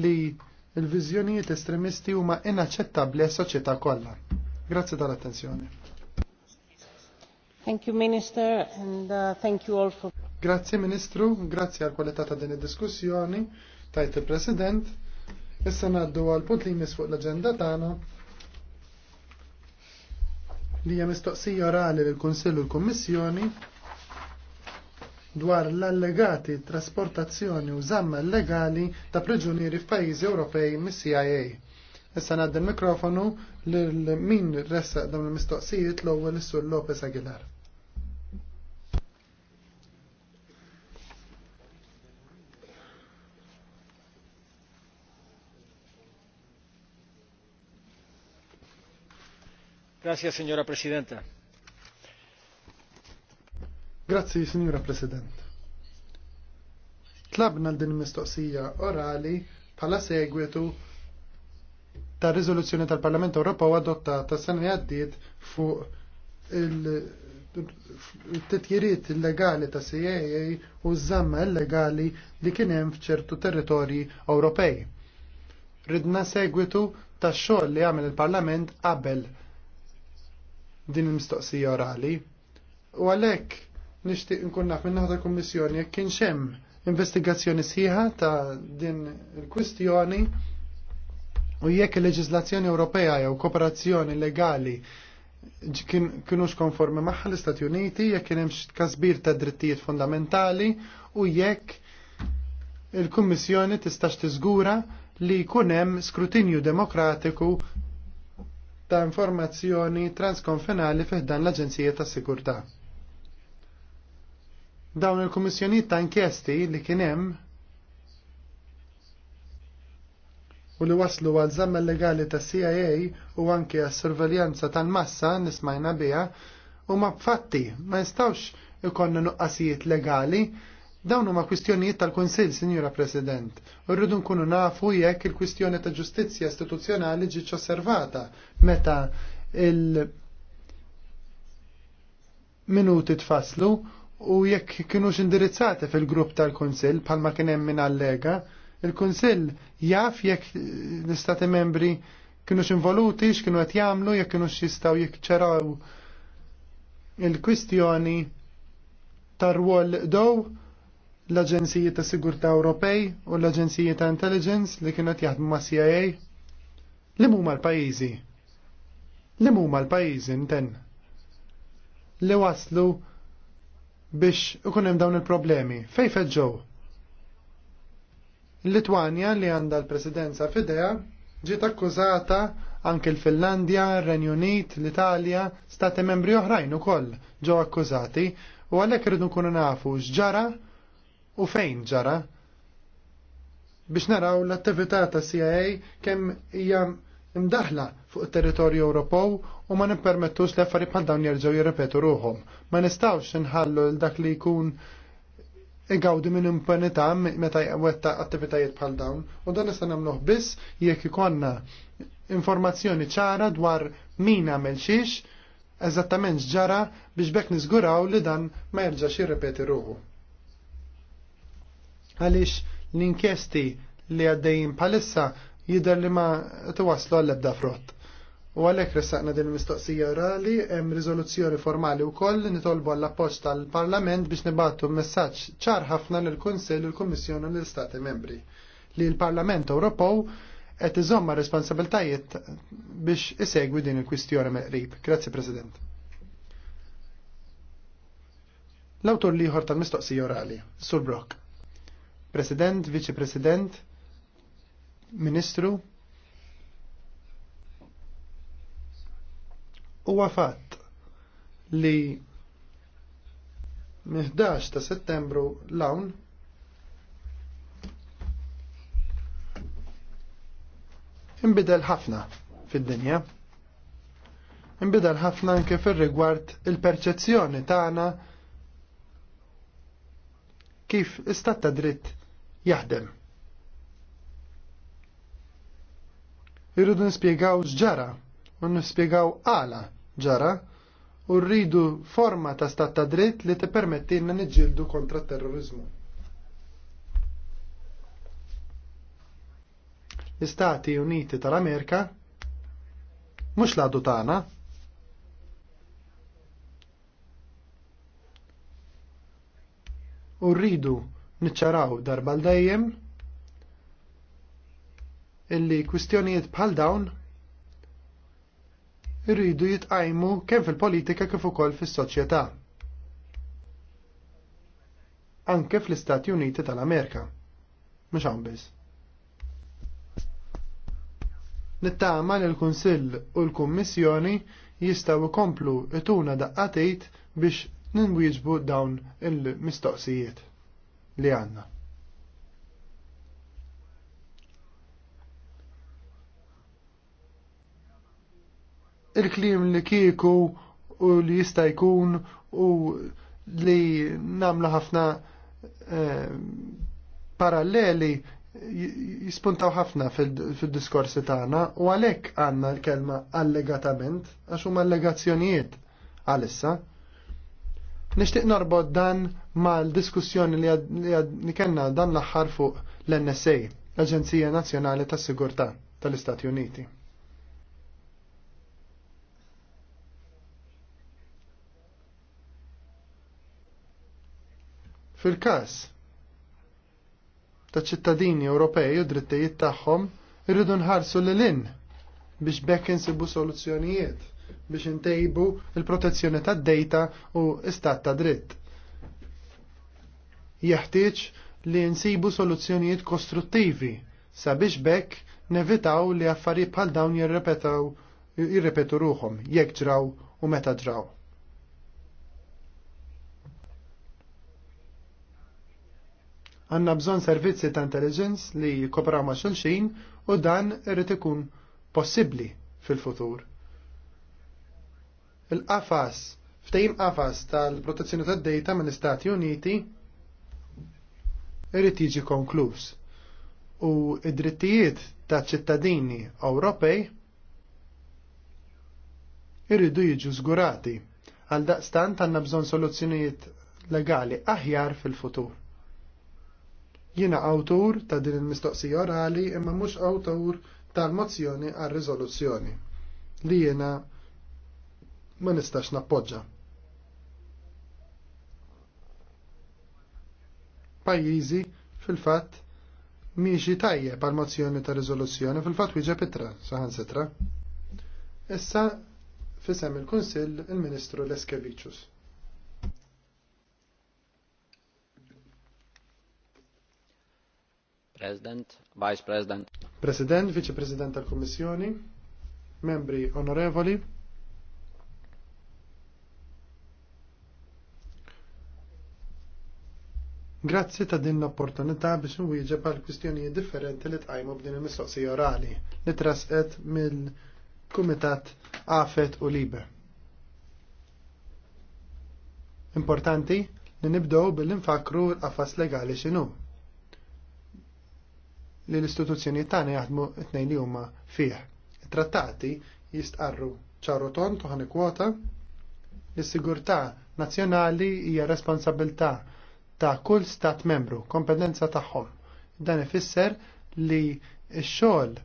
li il vizjonijiet estremisti huma inaċċettabbli għas-soċjetà kollha. Grazzi tal-attenzjoni. Thank you, Minister, and uh, thank you all for... Grazzi, Ministru, grazie għal kwalità ta' din id-diskussjoni, tajt il-President. Issa naddu għal punt li jmiss fuq l-agenda tagħna li hija mistoqsija orali lill-Kunsill u l-Kummissjoni dwar l-allegati trasportazzjoni u zamma illegali ta' priġunieri f'pajjiżi Ewropej mis-CIA. Issa ngħaddi l-mikrofonu lil min ressa dawn il-mistoqsijiet l-ewwel is-Sur Lopez Aguilar. Grazie, signora Presidenta. Grazzi, Signora President. Tlabna l-din mistoqsija orali bħala segwitu ta' rizoluzzjoni tal-Parlament Ewropew adottata s-sena li għaddiet fuq il-titjiriet illegali ta' CIA u żamma illegali li kien hemm f'ċertu territorji Ewropej. Ridna segwitu ta' xogħol li għamel il-Parlament qabel din il-mistoqsija orali u għalhekk nixtieq nkun naf minn naħda kummissjoni jekk kien xem investigazzjoni sħiħa ta' din il-kwistjoni u jekk il-leġislazzjoni Ewropea jew kooperazzjoni legali kienux konformi maħħa l-Istati Uniti, jekk kien hemm kasbir ta' drittijiet fundamentali u jekk il-Kummissjoni tistax tiżgura li jkun hemm skrutinju demokratiku ta' informazzjoni transkonfinali dan l-Aġenzija tas Sigurtà. Dawn il-kummissjonijiet ta' inkjesti li kien hemm u li waslu għal zamm legali ta' CIA u anke għas sorveljanza tal-massa nismajna bija u ma' fatti ma' jistawx ikonna nuqqasijiet legali dawn huma kwistjonijiet tal-Kunsill, Sinjura President, u rridu nkunu nafu jekk il-kwistjoni ta' ġustizzja istituzzjonali ġiċ osservata meta il- minuti tfaslu u jekk kienu indirizzati fil-grupp tal-Kunsill bħalma kien hemm min allega, il-Kunsill jaf jekk l-Istati membri kienu involuti, x'kienu qed jagħmlu, jekk kienu jistgħu jiċċaraw il-kwistjoni tar-rwol dow l-Aġenziji ta' Sigurtà Ewropej u l-Aġenziji ta' Intelligence li kienu qed jaħdmu ma' CIA. Li huma l-pajjiżi? Li huma l-pajjiżi nten? Li waslu biex ikun hemm dawn il-problemi. Fej feġġew? il Litwanja li għandha l-presidenza fidea ġiet akkużata anke l-Finlandja, r-Renju Unit, l-Italja, stati membri oħrajn ukoll ġew akkużati u għalhekk irridu nkunu nafu x'ġara u fejn ġara biex naraw l-attività ta' CIA kemm hija imdaħla fuq it-territorju Ewropew u ma nippermettux li affarijiet bħal dawn jerġgħu jirrepetu ruhom. Ma nistgħux inħallu l dak li jkun igawdi minn impunità meta jwetta attivitajiet bħal dawn u dan nista' nagħmluh biss jekk ikonna informazzjoni ċara dwar min għamel xiex eżattament ġara biex bekk niżguraw li dan ma jerġax jirrepeti ruħu. Għaliex l-inkjesti li għaddejjin palissa jider li ma twaslu għall-ebda frott. U għalhekk ressaqna din mistoqsija orali hemm rizoluzzjoni formali wkoll koll nitolbu għall appoġġ tal-Parlament biex nibattu messaġġ ċar ħafna l kunsell u l-Kummissjoni l istati membri li l-Parlament Ewropew qed iżomma responsabiltajiet biex isegwi din il-kwistjoni meqrib. Grazzi President. L-awtur liħor tal-mistoqsija orali, Sur Brock. President, Viċi President, Ministru, Huwa fatt li 11 ta' settembru l imbidel ħafna fid-dinja. Imbidel ħafna anke fir-rigward il-perċezzjoni tagħna kif istat ta' dritt jaħdem. Irridu nispjegaw x'ġara u nispjegaw għala ġara u rridu forma ta' stat ta' dritt li tippermettilna niġġieldu kontra t terrorizmu. L-Istati Uniti tal-Amerika mhux l-għadu tagħna u rridu niċċaraw darba l-dejjem illi kwistjonijiet bħal dawn irridu jitqajmu kemm fil-politika kif ukoll fis-soċjetà. Anke fl-Istati Uniti tal-Amerika. Mhux hawn biss. Nittama li l-Kunsill u l-Kummissjoni jistgħu jkomplu ituna daqqatejt biex ninwieġbu dawn il-mistoqsijiet li għandna. il-klim li kieku u li jista' jkun u li namlu ħafna eh, paralleli jispuntaw ħafna fil-diskorsi tagħna u għalhekk għandna l-kelma allegatament għax huma allegazzjonijiet għalissa. Nixtieq norbod dan mal-diskussjoni li kellna dan l-aħħar fuq l-NSA, l-Aġenzija Nazzjonali tas-Sigurtà tal-Istati Uniti. Fil-każ ta' ċittadini Ewropej u drittijiet tagħhom irridu nħarsu lil in biex bekk insibu soluzzjonijiet biex intejbu il-protezzjoni tad dejta u istat ta' dritt. Jeħtieġ li nsibu soluzzjonijiet kostruttivi sabiex bekk nevitaw li affarijiet bħal dawn jirrepetaw jirrepetu ruhom jekk ġraw u meta ġraw. Għanna bżon servizzi ta' intelligence li jikopraw ma' xulxin u dan irrit ikun possibbli fil-futur. Il-qafas, ftejim qafas tal-protezzjoni tad-dejta mill-Istati Uniti irrit jiġi konkluż u id-drittijiet ta' ċittadini Ewropej irridu jiġu żgurati għal daqstant għandna bżonn soluzzjonijiet legali aħjar fil-futur. Jiena awtur ta' din il-mistoqsija orali imma mhux awtur tal-mozzjoni għal riżoluzzjoni li jiena ma nistax nappoġġa. Pajjiżi fil-fatt miexi tajjeb għal mozzjoni ta' riżoluzzjoni fil-fatt wieġeb itra saħan sitra. Issa fisem il-Kunsill il-Ministru Leskevicius. President, Vice President. President, Vice President tal-Kommissjoni, membri onorevoli. Grazzi ta' din l-opportunità biex nwieġeb għal kwistjonijiet differenti li tqajmu b'din il-mistoqsija orali li trasqet mill-Kumitat Afet u Libe. Importanti li nibdew billi nfakru l-qafas legali x'inhu li l-istituzzjoni tagħna jaħdmu t tnejn li huma fih. Trattati jistqarru ċarru tont u kwota l-sigurtà nazzjonali hija responsabilità ta' kull stat membru, kompetenza tagħhom. Dan ifisser li x-xogħol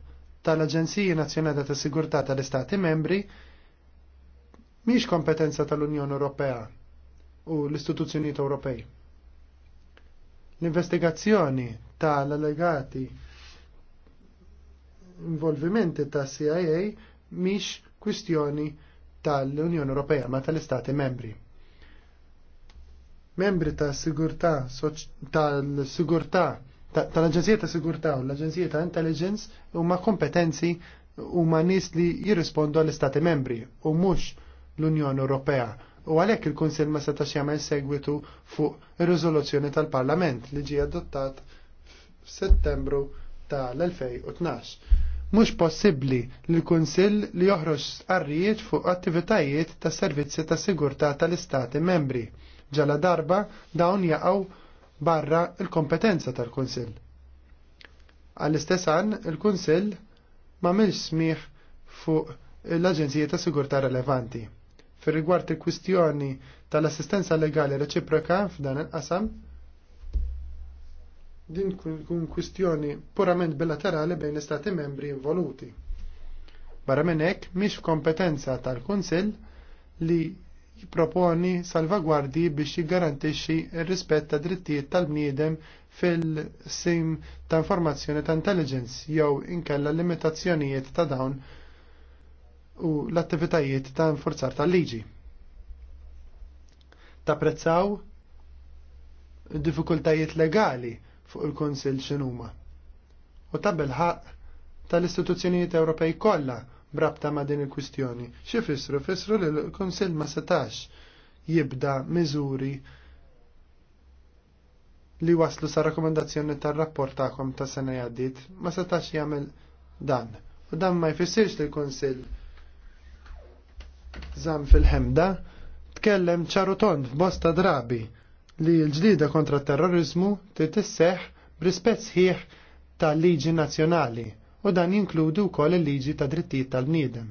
tal-Aġenziji Nazzjonali ta' Sigurtà tal-Istati Membri mhix kompetenza tal-Unjoni Ewropea u l-istituzzjonijiet Ewropej. L-investigazzjoni tal-allegati involvimenti ta' CIA miex kwistjoni tal-Unjoni Ewropea ma tal-Istati membri. Membri ta' sigurtà tal-sigurtà tal-Aġenzija ta' Sigurtà u l-Aġenzija ta' Intelligence huma kompetenzi huma nies li jirrispondu għall-Istati membri u mhux l-Unjoni Ewropea u għalhekk il-Kunsill ma setax jagħmel segwitu fuq ir-riżoluzzjoni tal-Parlament li ġie adottat f'Settembru tal-2012. Mhux possibbli li l-Kunsill li joħroġ arrijiet fuq attivitajiet ta' servizzi ta' sigurtà tal-Istati membri. Ġala darba dawn jaqgħu barra il-kompetenza tal-Kunsill. Għall-istess għan il-Kunsill ma milx smih fuq l-Aġenzija ta' Sigurtà Relevanti. Fir rigward il-kwistjoni tal-assistenza legali reċiproka f'dan il-qasam, din kun kwistjoni purament bilaterali bejn l-istati membri involuti. Barra minn hekk mhix kompetenza tal-Kunsill li jipproponi salvaguardi biex jiggarantixxi r-rispett ta' drittijiet tal-bniedem fil-sim ta' informazzjoni ta' intelligence jew inkella limitazzjonijiet ta' dawn u l-attivitajiet ta' infurzar tal-liġi. prezzaw diffikultajiet legali fuq il-Konsil x'inhuma. U tabel ħaq tal-istituzzjonijiet Ewropej kollha brabta ma' din il-kwistjoni. Xi fissru? Fissru li l-Konsil ma setax jibda miżuri li waslu sa' rakomendazzjoni tar-rapport tagħkom ta' sena jgħaddit ma setax jagħmel dan. U dan ma jfissirx li l-Konsil żamm fil-ħemda tkellem ċarutont f'bosta drabi li l ġdida kontra t terrorizmu titisseħ b'rispett sħiħ tal-liġi nazzjonali u dan jinkludu wkoll il-liġi ta' drittijiet tal-bniedem.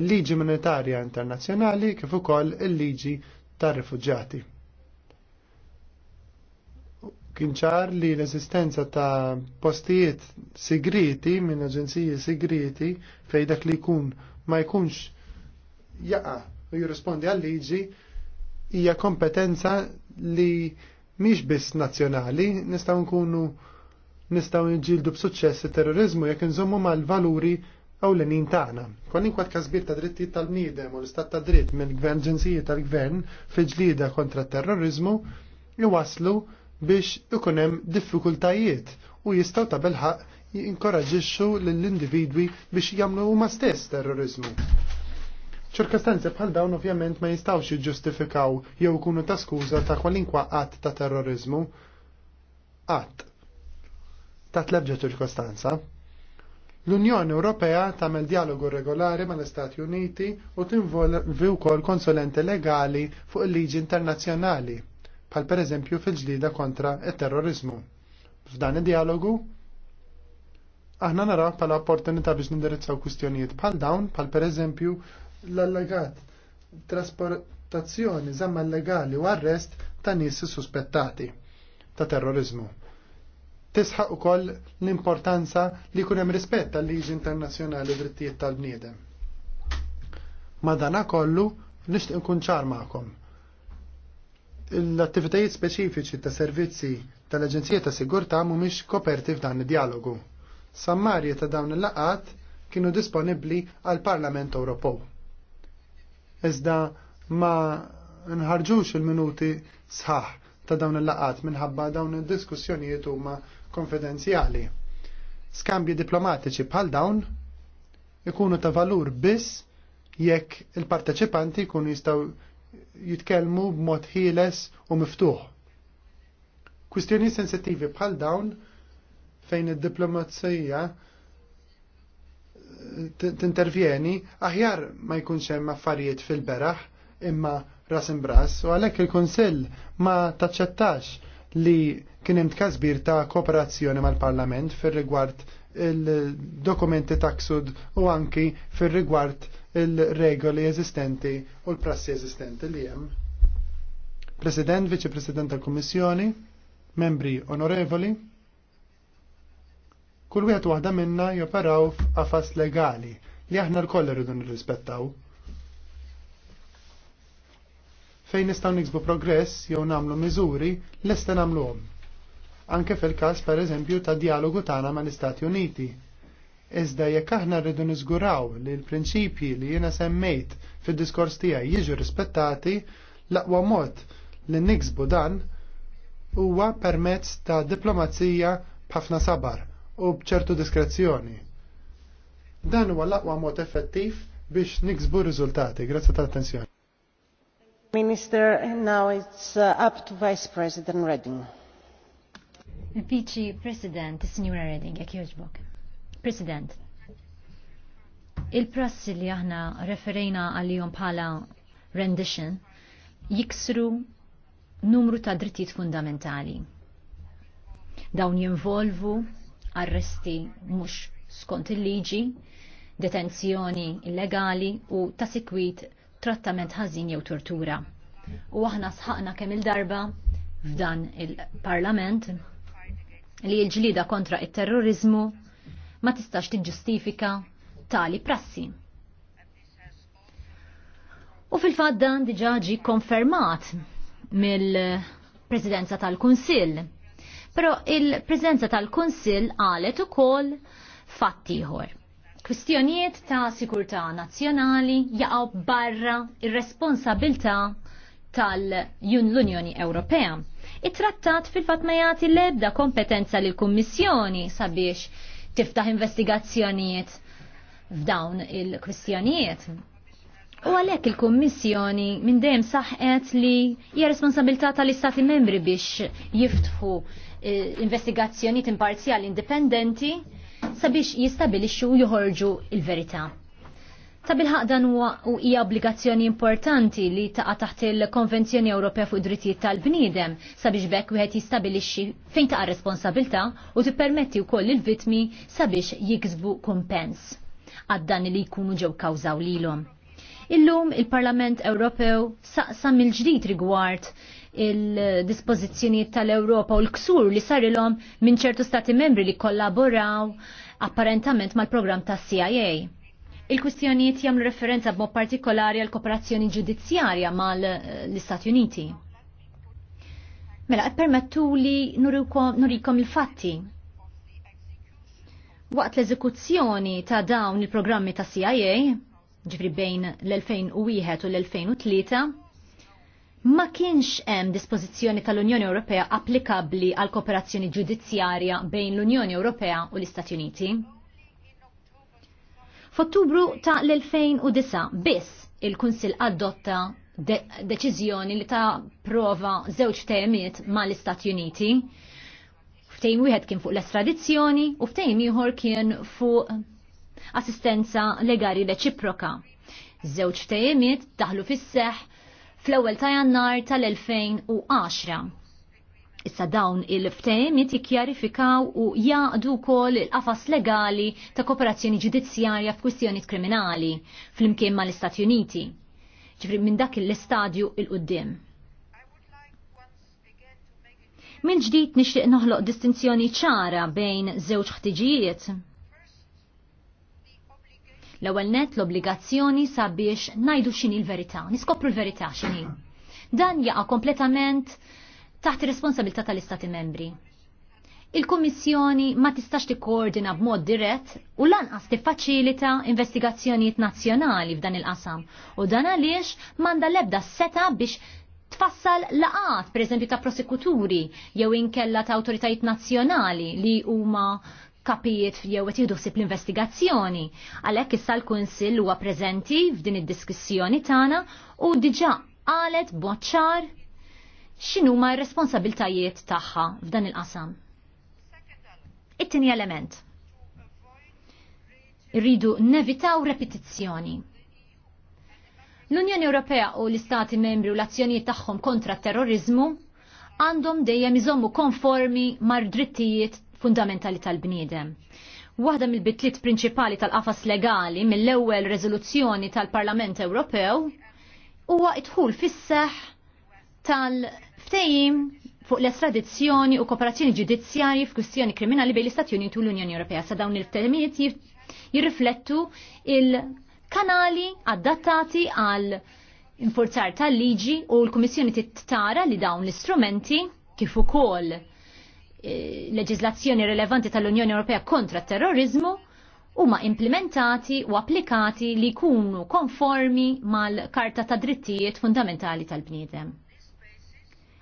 Il-liġi monetarja internazzjonali kif ukoll il-liġi tar-rifuġġati. Kien ċar li l-eżistenza ta' postijiet sigriti minn aġenziji sigriti fejdak dak li jkun ma jkunx jaqa' u jirrispondi għal liġi hija kompetenza li mhix biss nazzjonali, nistgħu nkunu nistgħu nġildu b'suċċess it-terrorizmu jekk inżommu mal-valuri ewlenin tagħna. Kwalinkwa tkasbir ta' drittijiet tal-bniedem u l-istat ta' dritt mill-gvern ġinsijiet tal-gvern fi ġlida kontra terrorizmu jwaslu biex ikun hemm diffikultajiet u jistgħu ta' belħaq jinkoraġixxu lill-individwi biex jagħmlu huma stess terrorizmu. Ċirkostanzi bħal dawn ovvjament ma jistawx jiġġustifikaw jew ikunu ta' skuża ta' kwalinkwa qatt ta' terrorizmu. Qatt. Ta' tlebġa ċirkostanza. L-Unjoni Ewropea tagħmel dialogu regolari mal-Istati Uniti u tinvolvi wkoll konsulenti legali fuq il-liġi internazzjonali, bħal pereżempju fil-ġlida kontra it-terrorizmu. F'dan id-dialogu aħna naraw bħala opportunità biex nindirizzaw kwistjonijiet bħal dawn, bħal pereżempju l-allegat trasportazzjoni zamma legali u arrest ta' nies suspettati ta' terrorizmu. Tisħaq ukoll l-importanza li jkun hemm rispett tal-liġi internazzjonali drittijiet tal-bniedem. Madana kollu nixtieq nkun ċar magħkom. L-attivitajiet speċifiċi ta' servizzi tal-Aġenzija ta' Sigurtà mhumiex koperti f'dan id-dialogu. Sammarji ta' dawn il-laqat kienu disponibbli għal Parlament Ewropew iżda ma nħarġux il-minuti sħaħ ta' dawn il-laqat minħabba dawn il-diskussjonijiet huma konfidenzjali. Skambji diplomatiċi bħal dawn ikunu ta' valur biss jekk il-parteċipanti jkunu jistaw jitkellmu b'mod ħieles u miftuħ. Kwistjoni sensittivi bħal dawn fejn id-diplomazija tintervjeni aħjar ma jkunx hemm affarijiet fil-beraħ imma ras imbras u għalhekk il-Kunsill ma taċċettax li kien hemm tkażbir ta' kooperazzjoni mal-Parlament fir-rigward il-dokumenti taksud u anki fir-rigward il-regoli eżistenti u l-prassi eżistenti li hemm. President, Viċi President tal-Kummissjoni, membri onorevoli, Kull wieħed waħda minna joperaw f'qafas legali li aħna l-koll irridu nirrispettaw. Fejn nistgħu niksbu progress jew nagħmlu miżuri lesta nagħmluhom. Anke fil-każ pereżempju ta' dialogu tagħna mal-Istati Uniti Iżda jekk aħna rridu niżguraw li l-prinċipji li jiena semmejt fid-diskors tiegħi jiġu rispettati, l-aqwa mod li niksbu dan huwa permezz ta' diplomazija b'ħafna sabar u bċertu diskrezzjoni. Dan huwa l-aqwa mod effettiv biex niksbu riżultati. Grazzi tal-attenzjoni. Minister, now it's uh, up to Vice President Redding. Vice President, Signora Redding, jek joġbok. President, il-prassi li aħna referejna għal-jom bħala rendition jiksru numru ta' drittijiet fundamentali. Dawn jinvolvu arresti mhux skont il-liġi, detenzjoni illegali u ta' sikwit trattament ħażin jew tortura. U aħna sħaqna kemm il-darba f'dan il-Parlament li l-ġlida kontra il-terrorizmu ma tistax tiġġustifika tali prassi. U fil-fat dan diġaġi konfermat mill-Presidenza tal-Kunsill Pero il-prezenza tal-Kunsill għalet ukoll fattiħor. Kwistjonijiet ta' sikurtà nazzjonali jaqgħu barra il responsabilità tal-Unjoni Ewropea. It-trattat fil-fatt ma jagħti l-ebda kompetenza lil kummissjoni sabiex tiftaħ investigazzjonijiet f'dawn il-kwistjonijiet. U għalhekk il-Kummissjoni minn dejjem saħqet li hija responsabilità tal-Istati membri biex jiftħu Eh, investigazzjonijiet imparzjali indipendenti sabiex jistabilixxu joħorġu il-verità. Ta' bilħaq dan u hija obbligazzjoni importanti li taqa' taħt il-Konvenzjoni Ewropea fuq id-drittijiet tal-bniedem sabiex bekk wieħed jistabilixxi fejn taqa' responsabilità u tippermetti wkoll il-vitmi sabiex jiksbu kumpens għad-dan li jkunu ġew kawżaw lilhom. Illum il-Parlament Ewropew saqsam mill-ġdid rigward il-dispozizjoniet tal-Europa u l-ksur li sarilhom minn ċertu stati membri li kollaboraw apparentament mal-programm ta' CIA. Il-kwistjonijiet jagħmlu referenza b'mod partikolari għal kooperazzjoni ġudizzjarja mal-Istati Uniti. Mela, permettu li nurikom il-fatti. Waqt l-eżekuzzjoni ta' dawn il-programmi ta' CIA, ġifri bejn l-2001 u l-2003, ma kienx hemm dispożizzjoni tal-Unjoni Ewropea applikabbli għal kooperazzjoni ġudizzjarja bejn l-Unjoni Ewropea u l-Istati Uniti. F'Ottubru ta' l-2009 biss il-Kunsil adotta deċiżjoni li ta' prova żewġ temiet ma' l-Istati Uniti. Ftejn wieħed kien fuq l-estradizzjoni u ftejn ieħor kien fuq assistenza legali reċiproka. Żewġ temiet daħlu fis-seħħ fl-ewwel ta' jannar tal-2010. Issa dawn il-ftehimiet jikkjarifikaw u jaqdu wkoll il-qafas legali ta' kooperazzjoni ġudizzjarja f'kwistjonijiet kriminali fl-imkien mal-Istati Uniti. Ġifri minn dak l-istadju il-qoddim. Minn ġdid nixtieq noħloq distinzjoni ċara bejn żewġ ħtiġijiet L-ewwel net l-obbligazzjoni sabiex najdu x'inhi l-verità, niskopru l-verità x'inhi. Dan jaqa' kompletament taħt ir-responsabilità tal-Istati membri. Il-Kummissjoni ma tistax tikkoordina b'mod dirett u lanqas tiffaċilita investigazzjonijiet nazzjonali f'dan il-qasam u dan għaliex manda lebda seta biex tfassal laqat, per eżempju, ta' prosekuturi jew inkella ta' autoritajiet nazzjonali li huma kapijiet jew qed jieħdu ħsieb l-investigazzjoni. Għalhekk issa l-Kunsill huwa preżenti f'din id-diskussjoni tagħna u diġà qalet boċċar x'inhuma r-responsabiltajiet tagħha f'dan il-qasam. It-tieni element irridu nevitaw repetizzjoni. L-Unjoni Ewropea u l-Istati membri u l-azzjonijiet tagħhom kontra terrorizmu għandhom dejjem iżommu konformi mar drittijiet fundamentali tal-bniedem. Waħda mill-bitlit prinċipali tal-qafas legali mill-ewwel rezoluzzjoni tal-Parlament Ewropew huwa idħul fis-seħ tal-ftejim fuq l-estradizzjoni u kooperazzjoni ġudizzjarji f'kwistjoni kriminali bejn l-Istati Uniti u l-Unjoni Ewropea. Sa dawn il-ftehimiet jirriflettu il-kanali adattati għal infurzar tal-liġi u l-Kummissjoni tittara li dawn l-istrumenti kif ukoll Eh, leġizlazzjoni rilevanti tal-Unjoni Ewropea kontra t terrorizmu huma implementati u applikati li jkunu konformi mal-Karta ta' Drittijiet Fundamentali tal-Bniedem.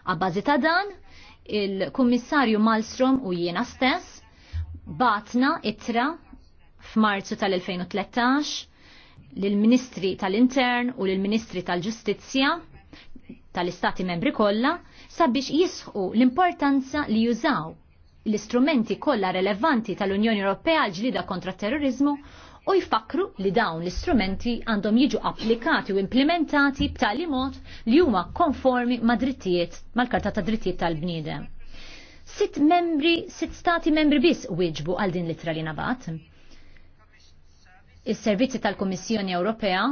Abbażi ta' dan, il-Kummissarju Malmstrom u jiena stess batna itra f'Marzu tal-2013 lill-Ministri tal-Intern u lill-Ministri tal-Ġustizzja tal-Istati membri kollha sabiex jisħu l-importanza li jużaw l-istrumenti kollha relevanti tal-Unjoni Ewropea ġlida kontra terrorizmu u jfakru li dawn l-istrumenti għandhom jiġu applikati u implementati b'tali mod li huma konformi ma' drittijiet mal-Karta ta' Drittijiet tal-Bniedem. Sitt membri, sitt stati membri biss wieġbu għal din l itra li nabat. Is-servizzi tal-Kummissjoni Ewropea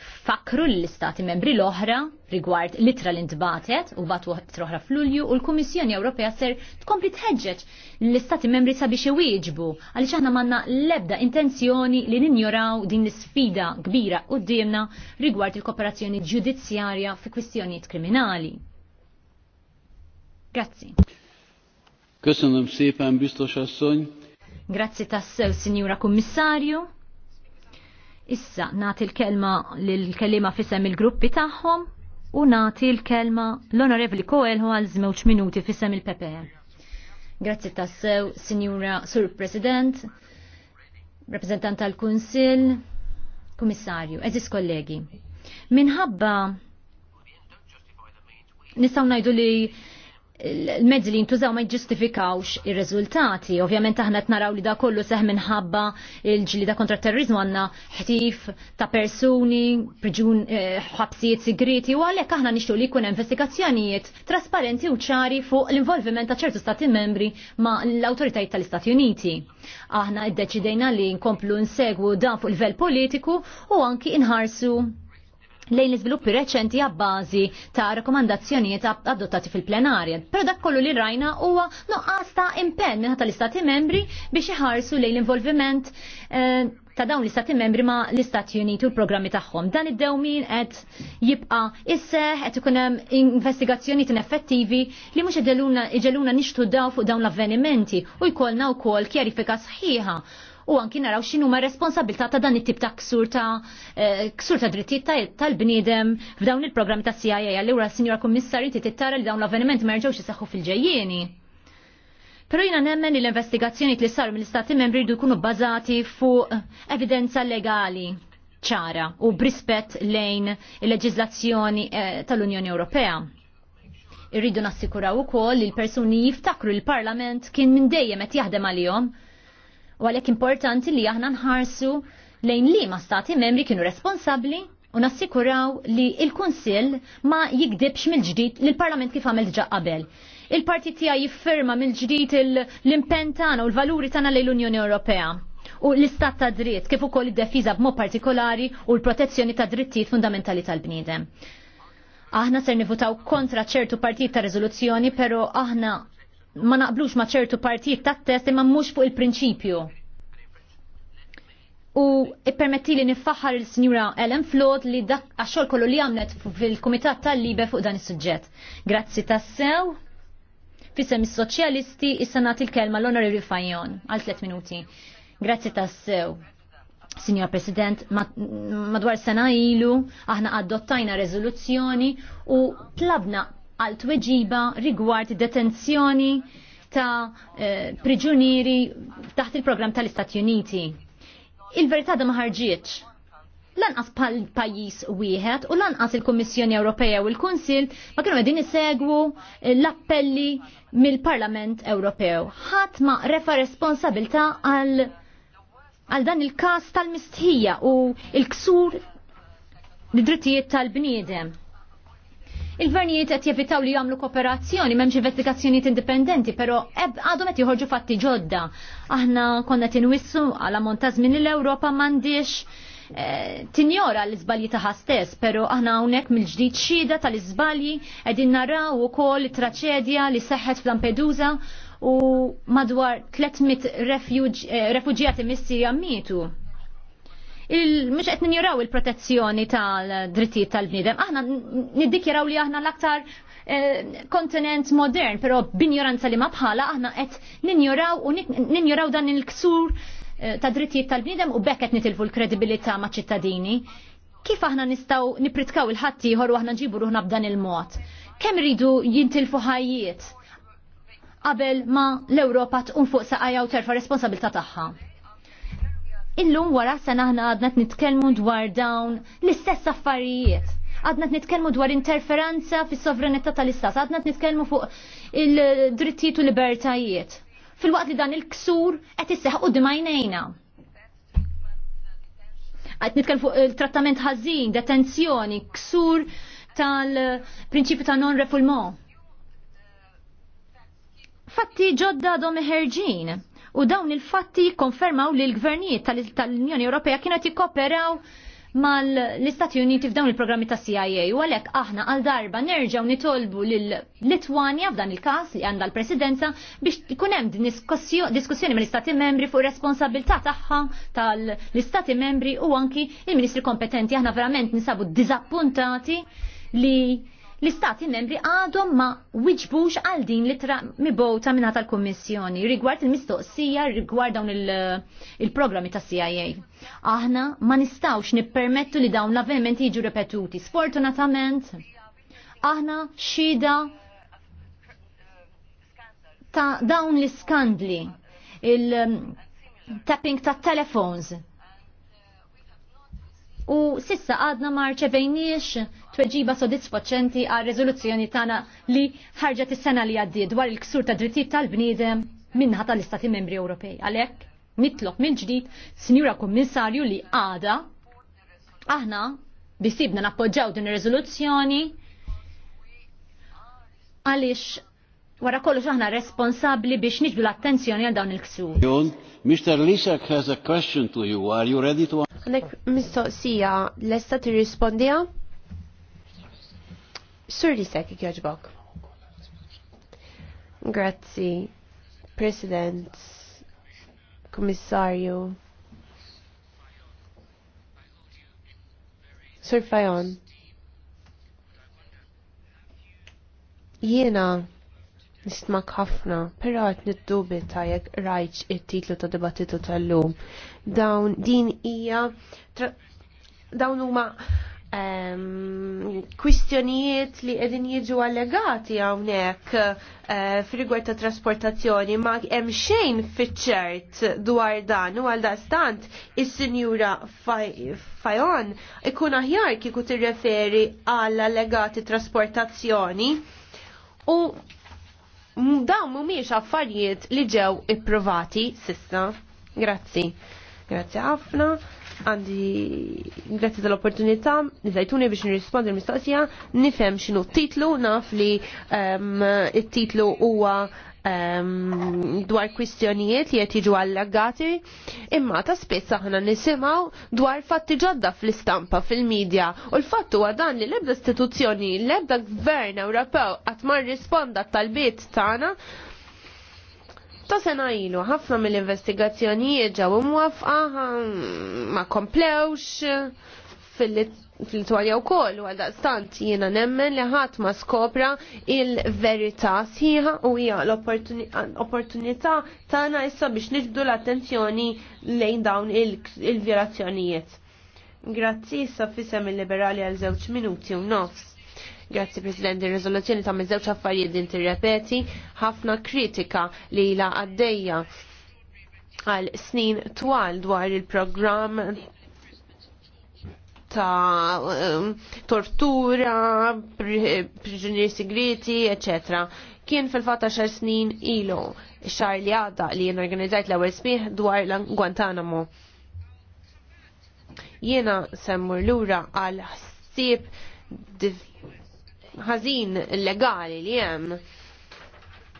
fakru l-istati membri l-oħra rigward litra l-intbatet u bat troħra fl-Ulju u l-Kummissjoni Ewropea ser tkompli tħeġġeġ l-istati membri sabiex iwieġbu għaliex aħna manna l-ebda intenzjoni li ninjoraw din l-sfida kbira qudiemna rigward il-kooperazzjoni ġudizzjarja fi kwistjonijiet kriminali. Grazzi. Köszönöm szépen, biztos asszony. Grazzi tassew, Signora Kummissarju. Issa nagħti l-kelma lill-kelima fissem il-gruppi tagħhom u nati l-kelma l-Onorevoli Coelho għal żmewġ minuti fissem il-PPE. Grazzi tassew, Signora Sur President, rappresentant tal-Kunsill, Kummissarju, eżis kollegi. Minħabba nistgħu ngħidu li il-mezzi li jintużaw ma jġustifikawx ir rezultati Ovvjament aħna naraw li da kollu seħ minħabba il da kontra terrorizmu għandna ħtif ta' persuni, prġun eh, ħabsijiet sigriti u għalhekk aħna nishtu li jkun investigazzjonijiet trasparenti u ċari fuq l-involviment ta' ċertu stati membri ma' l-awtoritajiet tal-Istati Uniti. Aħna id-deċidejna li nkomplu nsegwu dan fuq il-vel politiku u anki inħarsu lejn l-izviluppi reċenti għabbażi ta' rekomandazzjonijiet adottati fil-plenarja. Pero dak kollu li rajna huwa noqqas ta' impenn minn tal-Istati membri biex iħarsu lejn l-involviment eh, ta' dawn l-Istati membri ma' l-Istati Uniti u l-programmi tagħhom. Dan id-dew min qed jibqa' isseħ qed ikun hemm investigazzjonijiet ineffettivi li mhux iġeluna nixtu daw fuq dawn l-avvenimenti u jkollna wkoll kjarifika sħiħa u anki naraw xinu ma responsabilità ta' dan it-tip ta' ksur ta' eh, ksur ta' drittijiet tal-bniedem f'dawn il-programmi ta' CIA għalli wara Sinjora Kommissari ti tittara li dawn l-avvenimenti ma jerġgħux isaħħu fil-ġejjieni. Pero jina nemmen li l-investigazzjoni li saru mill-istati membri jridu jkunu bbażati fuq evidenza legali ċara u brispet lejn il-leġizlazzjoni eh, tal-Unjoni Ewropea irridu nassikuraw ukoll li l-persuni jiftakru l-Parlament kien minn dejjem qed jaħdem għalihom U għalhekk importanti li aħna nħarsu lejn li ma stati membri kienu responsabbli u nassikuraw li il-Kunsill ma jikdibx mill-ġdid lill-Parlament kif għamel ġa qabel. Il-parti tiegħi jiffirma mill-ġdid l-impentana u l-valuri tagħna lejn l-Unjoni Ewropea u l-istat ta' dritt kif ukoll id-defiża b'mod partikolari u l-protezzjoni ta' drittijiet fundamentali tal-bniedem. Aħna ser nivutaw kontra ċertu partit ta' riżoluzzjoni, pero aħna ma naqblux ma ċertu partijiet tat test imma mhux fuq il-prinċipju. U ippermetti li niffaħar il-Sinjura Ellen Flod li dak għaxol kollu li għamlet fil-Kumitat tal-Libe fuq dan is-suġġett. Grazzi tassew. Fisem is-Soċjalisti issa senat il kelma l-Onorevoli Fajon għal tliet minuti. Grazzi tassew. Signor President, madwar sena ilu aħna adottajna rezoluzzjoni u tlabna għal tweġiba rigward detenzjoni ta' eh, priġunieri taħt il-programm tal-Istati Uniti. Il-verità da maħarġieċ lanqas pajjiż wieħed u lanqas il-Kummissjoni Ewropea u l-Kunsil ma kienu qegħdin isegwu l-appelli mill-Parlament Ewropew. Ħadd ma refa responsabilità għal għal dan il-każ tal-mistħija u l-ksur l-drittijiet tal-bniedem. Il-gvernijiet qed jevitaw li jagħmlu kooperazzjoni m'hemmx investigazzjonijiet indipendenti, però għadhom qed joħorġu fatti ġodda. Aħna konna tinwissu għal ammont ta' żmien l-Ewropa m'għandix eh, tinjora l-iżbalji taħa stess, pero aħna hawnhekk mill-ġdid xhieda tal-iżbalji qegħdin naraw ukoll traċedja li seħħet f'Lampedusa u madwar 300 eh, refugjati missi jammitu mhux qed ninjuraw il-protezzjoni tal-drittijiet tal-bniedem. Aħna niddikjaraw li aħna l-aktar eh, kontinent modern, però b'injoranza li ma bħala aħna qed ninjuraw u ninjuraw dan il-ksur eh, ta' drittijiet tal-bniedem u bekk qed nitilfu l-kredibilità ma' ċittadini kif aħna nistgħu nipritkaw il-ħatti u aħna nġibu ruħna b'dan il-mod? Kemm ridu jintilfu ħajjiet qabel ma l-Ewropa tqum fuq saqajja u terfa' responsabilità tagħha? Illum wara sena aħna għadna nitkellmu dwar dawn l-istess affarijiet. Għadna nitkellmu dwar interferenza fis sovranità tal-istat, għadna nitkellmu fuq il-drittijiet u libertajiet. Fil-waqt li dan il-ksur qed isseħ u dimajnejna. Għad nitkelmu fuq il-trattament ħażin, detenzjoni, ksur tal-prinċipju ta' non-refoulement. Fatti ġodda domi ħerġin U dawn il-fatti konfermaw li l-gvernijiet tal-Unjoni Ewropea kienet jikkoperaw mal-Istati Uniti f'dawn il-programmi ta' CIA u għalek aħna għal darba nerġaw nitolbu lill litwanja f'dan il-kas li għandha l-presidenza biex ikun hemm diskussjoni mill-Istati membri fuq responsabilità tagħha tal-Istati membri u anki il-Ministri kompetenti aħna verament nisabu diżappuntati li l-istati membri għadhom ma wiġbux għal din li tra mibota minna tal-Kommissjoni rigward il-mistoqsija rigward dawn il-programmi ta' CIA. Aħna ma nistawx nippermettu li dawn l-avvenimenti jiġu repetuti. Sfortunatament, aħna xida ta' dawn l-skandli, il-tapping ta' telefons, u sissa għadna marċevejniex tweġiba sodisfaċenti għal rezoluzzjoni tagħna li ħarġet is-sena li għaddiet dwar il-ksur ta' drittijiet tal-bniedem minnaħa tal-Istati Membri Ewropej. Għalhekk nitlob minn ġdid Sinjura Kummissarju li għada aħna bisibna nappoġġaw din ir-riżoluzzjoni għaliex wara kollox aħna responsabli biex niġbu l-attenzjoni għal dawn il-ksur. Mr. Lisak has a question to you. Are you ready to Għandek mistoqsija, lesta tirrispondija? Sur Lisek jogħġbok. Grazzi, President, Kommissarju. Sur Fajon. Jiena nistmak ħafna, pero għat niddubi jek rajċ it-titlu ta' dibattitu tal-lum. Dawn din hija dawn huma kwistjonijiet li edin jiġu allegati għawnek eh, fil-rigward ta' trasportazzjoni ma' hemm xejn dwar dan u għal stant is-sinjura Fajon ikun aħjar kieku tirreferi għal allegati trasportazzjoni u dawn mhumiex affarijiet li ġew ipprovati sissa. Grazzi. Grazzi ħafna għandi grazzi tal-opportunità li biex nirrispondi l-mistoqsija nifhem x'inhu titlu naf li it-titlu huwa dwar kwistjonijiet li qed jiġu allegati, imma ta' spess aħna nisimgħu dwar fatti ġodda fl-istampa fil-medja u l-fatt huwa dan li l-ebda istituzzjoni l-ebda gvern Ewropew qatt ma rrisponda tal-bit tagħna Ta' sena ilu, ħafna mill-investigazzjonijiet ġew imwafqa ma komplewx fil twalja u koll, jiena nemmen li ħadd ma skopra il-verità sħiħa u hija l-opportunità tagħna issa biex niġbdu l-attenzjoni lejn dawn il-vjolazzjonijiet. Grazzi issa fisem il-liberali għal żewġ minuti u nofs. Grazzi President, il-rizoluzzjoni ta' mizzewċ affarijiet din tirrepeti ħafna kritika li la għaddejja għal snin twal dwar il-programm ta' um, tortura, prigionieri segreti, eccetera kien fil-fatta xar snin ilu, xar li għadda li jien organizzajt l ewwel smih dwar l-Guantanamo. Jiena semmur lura għal ħsib ħażin legali li hemm.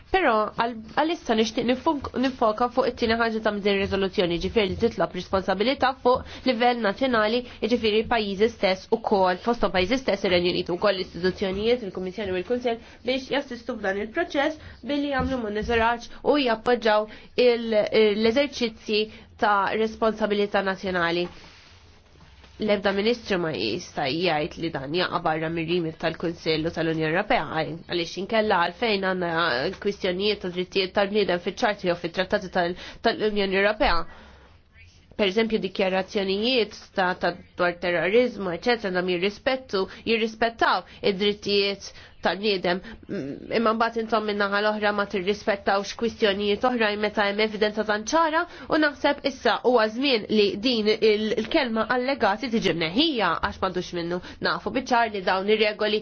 Però għalissa nixtieq nifoka fuq it-tieni ħaġa ta' din riżoluzzjoni ġifieri li titlob responsabilità fuq livell nazzjonali ġifieri pajjiżi stess ukoll fosthom pajjiżi stess ir-Renju Unit ukoll l-istituzzjonijiet, il-Kummissjoni u l-Kunsell biex jassistu f'dan il-proċess billi jagħmlu monitoraġġ u jappoġġaw l-eżerċizzji ta' responsabilità nazzjonali l-ebda ministru ma jista jgħid li dan jaqa' barra mir-rimit tal-Kunsillu tal-Unjoni Ewropea għaliex inkella għalfejn għandna kwistjonijiet ta' drittijiet tal-bniedem fiċ-ċarti u fit-trattati tal-Unjoni Ewropea per esempio dikjarazzjonijiet ta' ta' dwar terrorizmu, eccetera, dam jirrispettu, jirrispettaw id-drittijiet ta' niedem mm, Imma mbagħad intom minna l-oħra ma tirrispettawx kwistjonijiet oħra meta hemm evidenza tanċara u naħseb issa huwa żmien li din il-kelma allegati tiġi neħija għax m'għandux minnu nafu biċar li dawn ir-regoli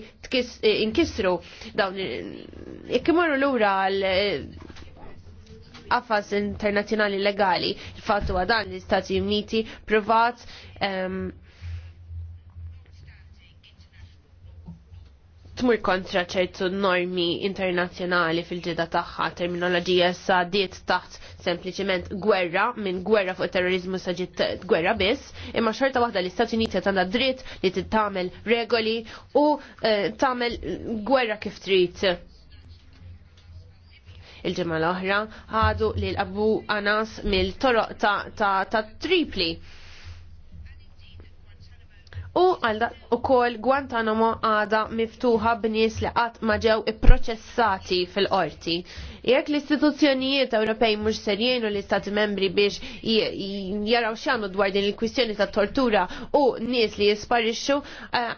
inkisru dawn ikimorru lura għal affas internazzjonali legali. il fatu għadan l Stati Uniti privat um, tmur kontra ċertu normi internazzjonali fil ġeda tagħha, terminoloġija sa diet taħt sempliċement gwerra minn gwerra fuq terrorizmu sa ġiet gwerra biss, imma xorta waħda l-Istati Uniti għandha dritt li tagħmel regoli u eh, tagħmel gwerra kif trid il-ġimgħa l-oħra ħadu lil Abu Anas mill-toroq ta' Tripli. U għalda u kol Guantanamo għada miftuħa b'nies li qatt ma ġew ipproċessati fil-qorti. Jekk l-istituzzjonijiet Ewropej mhux u l-Istati membri biex jaraw xanu dwar din il-kwistjoni ta' tortura u nies li jisparixxu,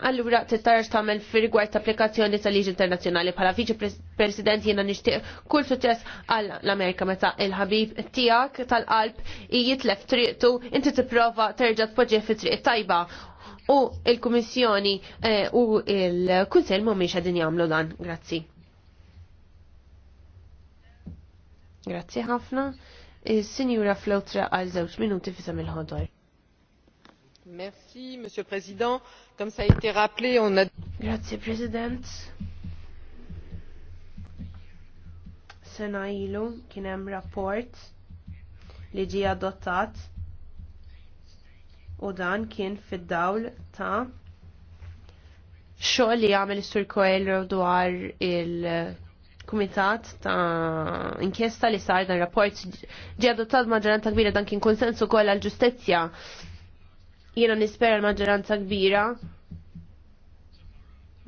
allura tittarax tagħmel fir-rigward applikazzjoni tal-liġi internazzjonali bħala viċi President jiena nixtieq kull suċċess għal l-Amerika meta il-ħabib tiegħek tal-qalb jitlef triqtu inti tipprova terġa' tpoġġi fi triq tajba u il-Kummissjoni eh, u il-Kunsel mhumiex qegħdin jagħmlu dan. Grazzi. Grazzi ħafna. Sinjura Flotra għal żewġ minuti fisam il-ħodor. Merci, Monsieur le Comme ça a été rappelé, on a... Grazie, President. Sena ilu kien hemm rapport li ġie adottat u dan kien fid-dawl ta' xogħol li għamel sur Coelho dwar il-Kumitat ta' inkjesta li sar dan rapport ġie adottat maġġoranza kbira dan kien konsensu kollha għall ġustizzja Jiena nispera l-maġġoranza kbira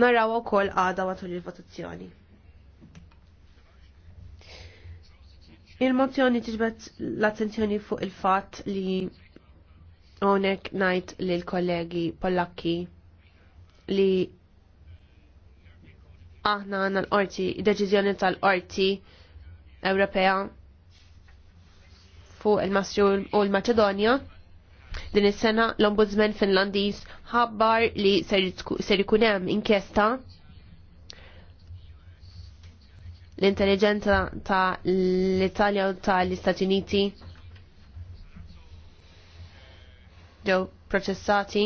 naraw ukoll għada matul il-votazzjoni. Il-mozzjoni tiġbed l-attenzjoni fuq il-fatt li Onek najt li l-kollegi Pollakki li aħna għanna l-orti, deċizjoni tal-orti Ewropea fuq il-Masru u l-Maċedonja. Din is-sena l-Ombudsman Finlandiż ħabbar li ser ikun hemm inkjesta l-intelligenza ta' l-Italja u tal-Istati Uniti ġew proċessati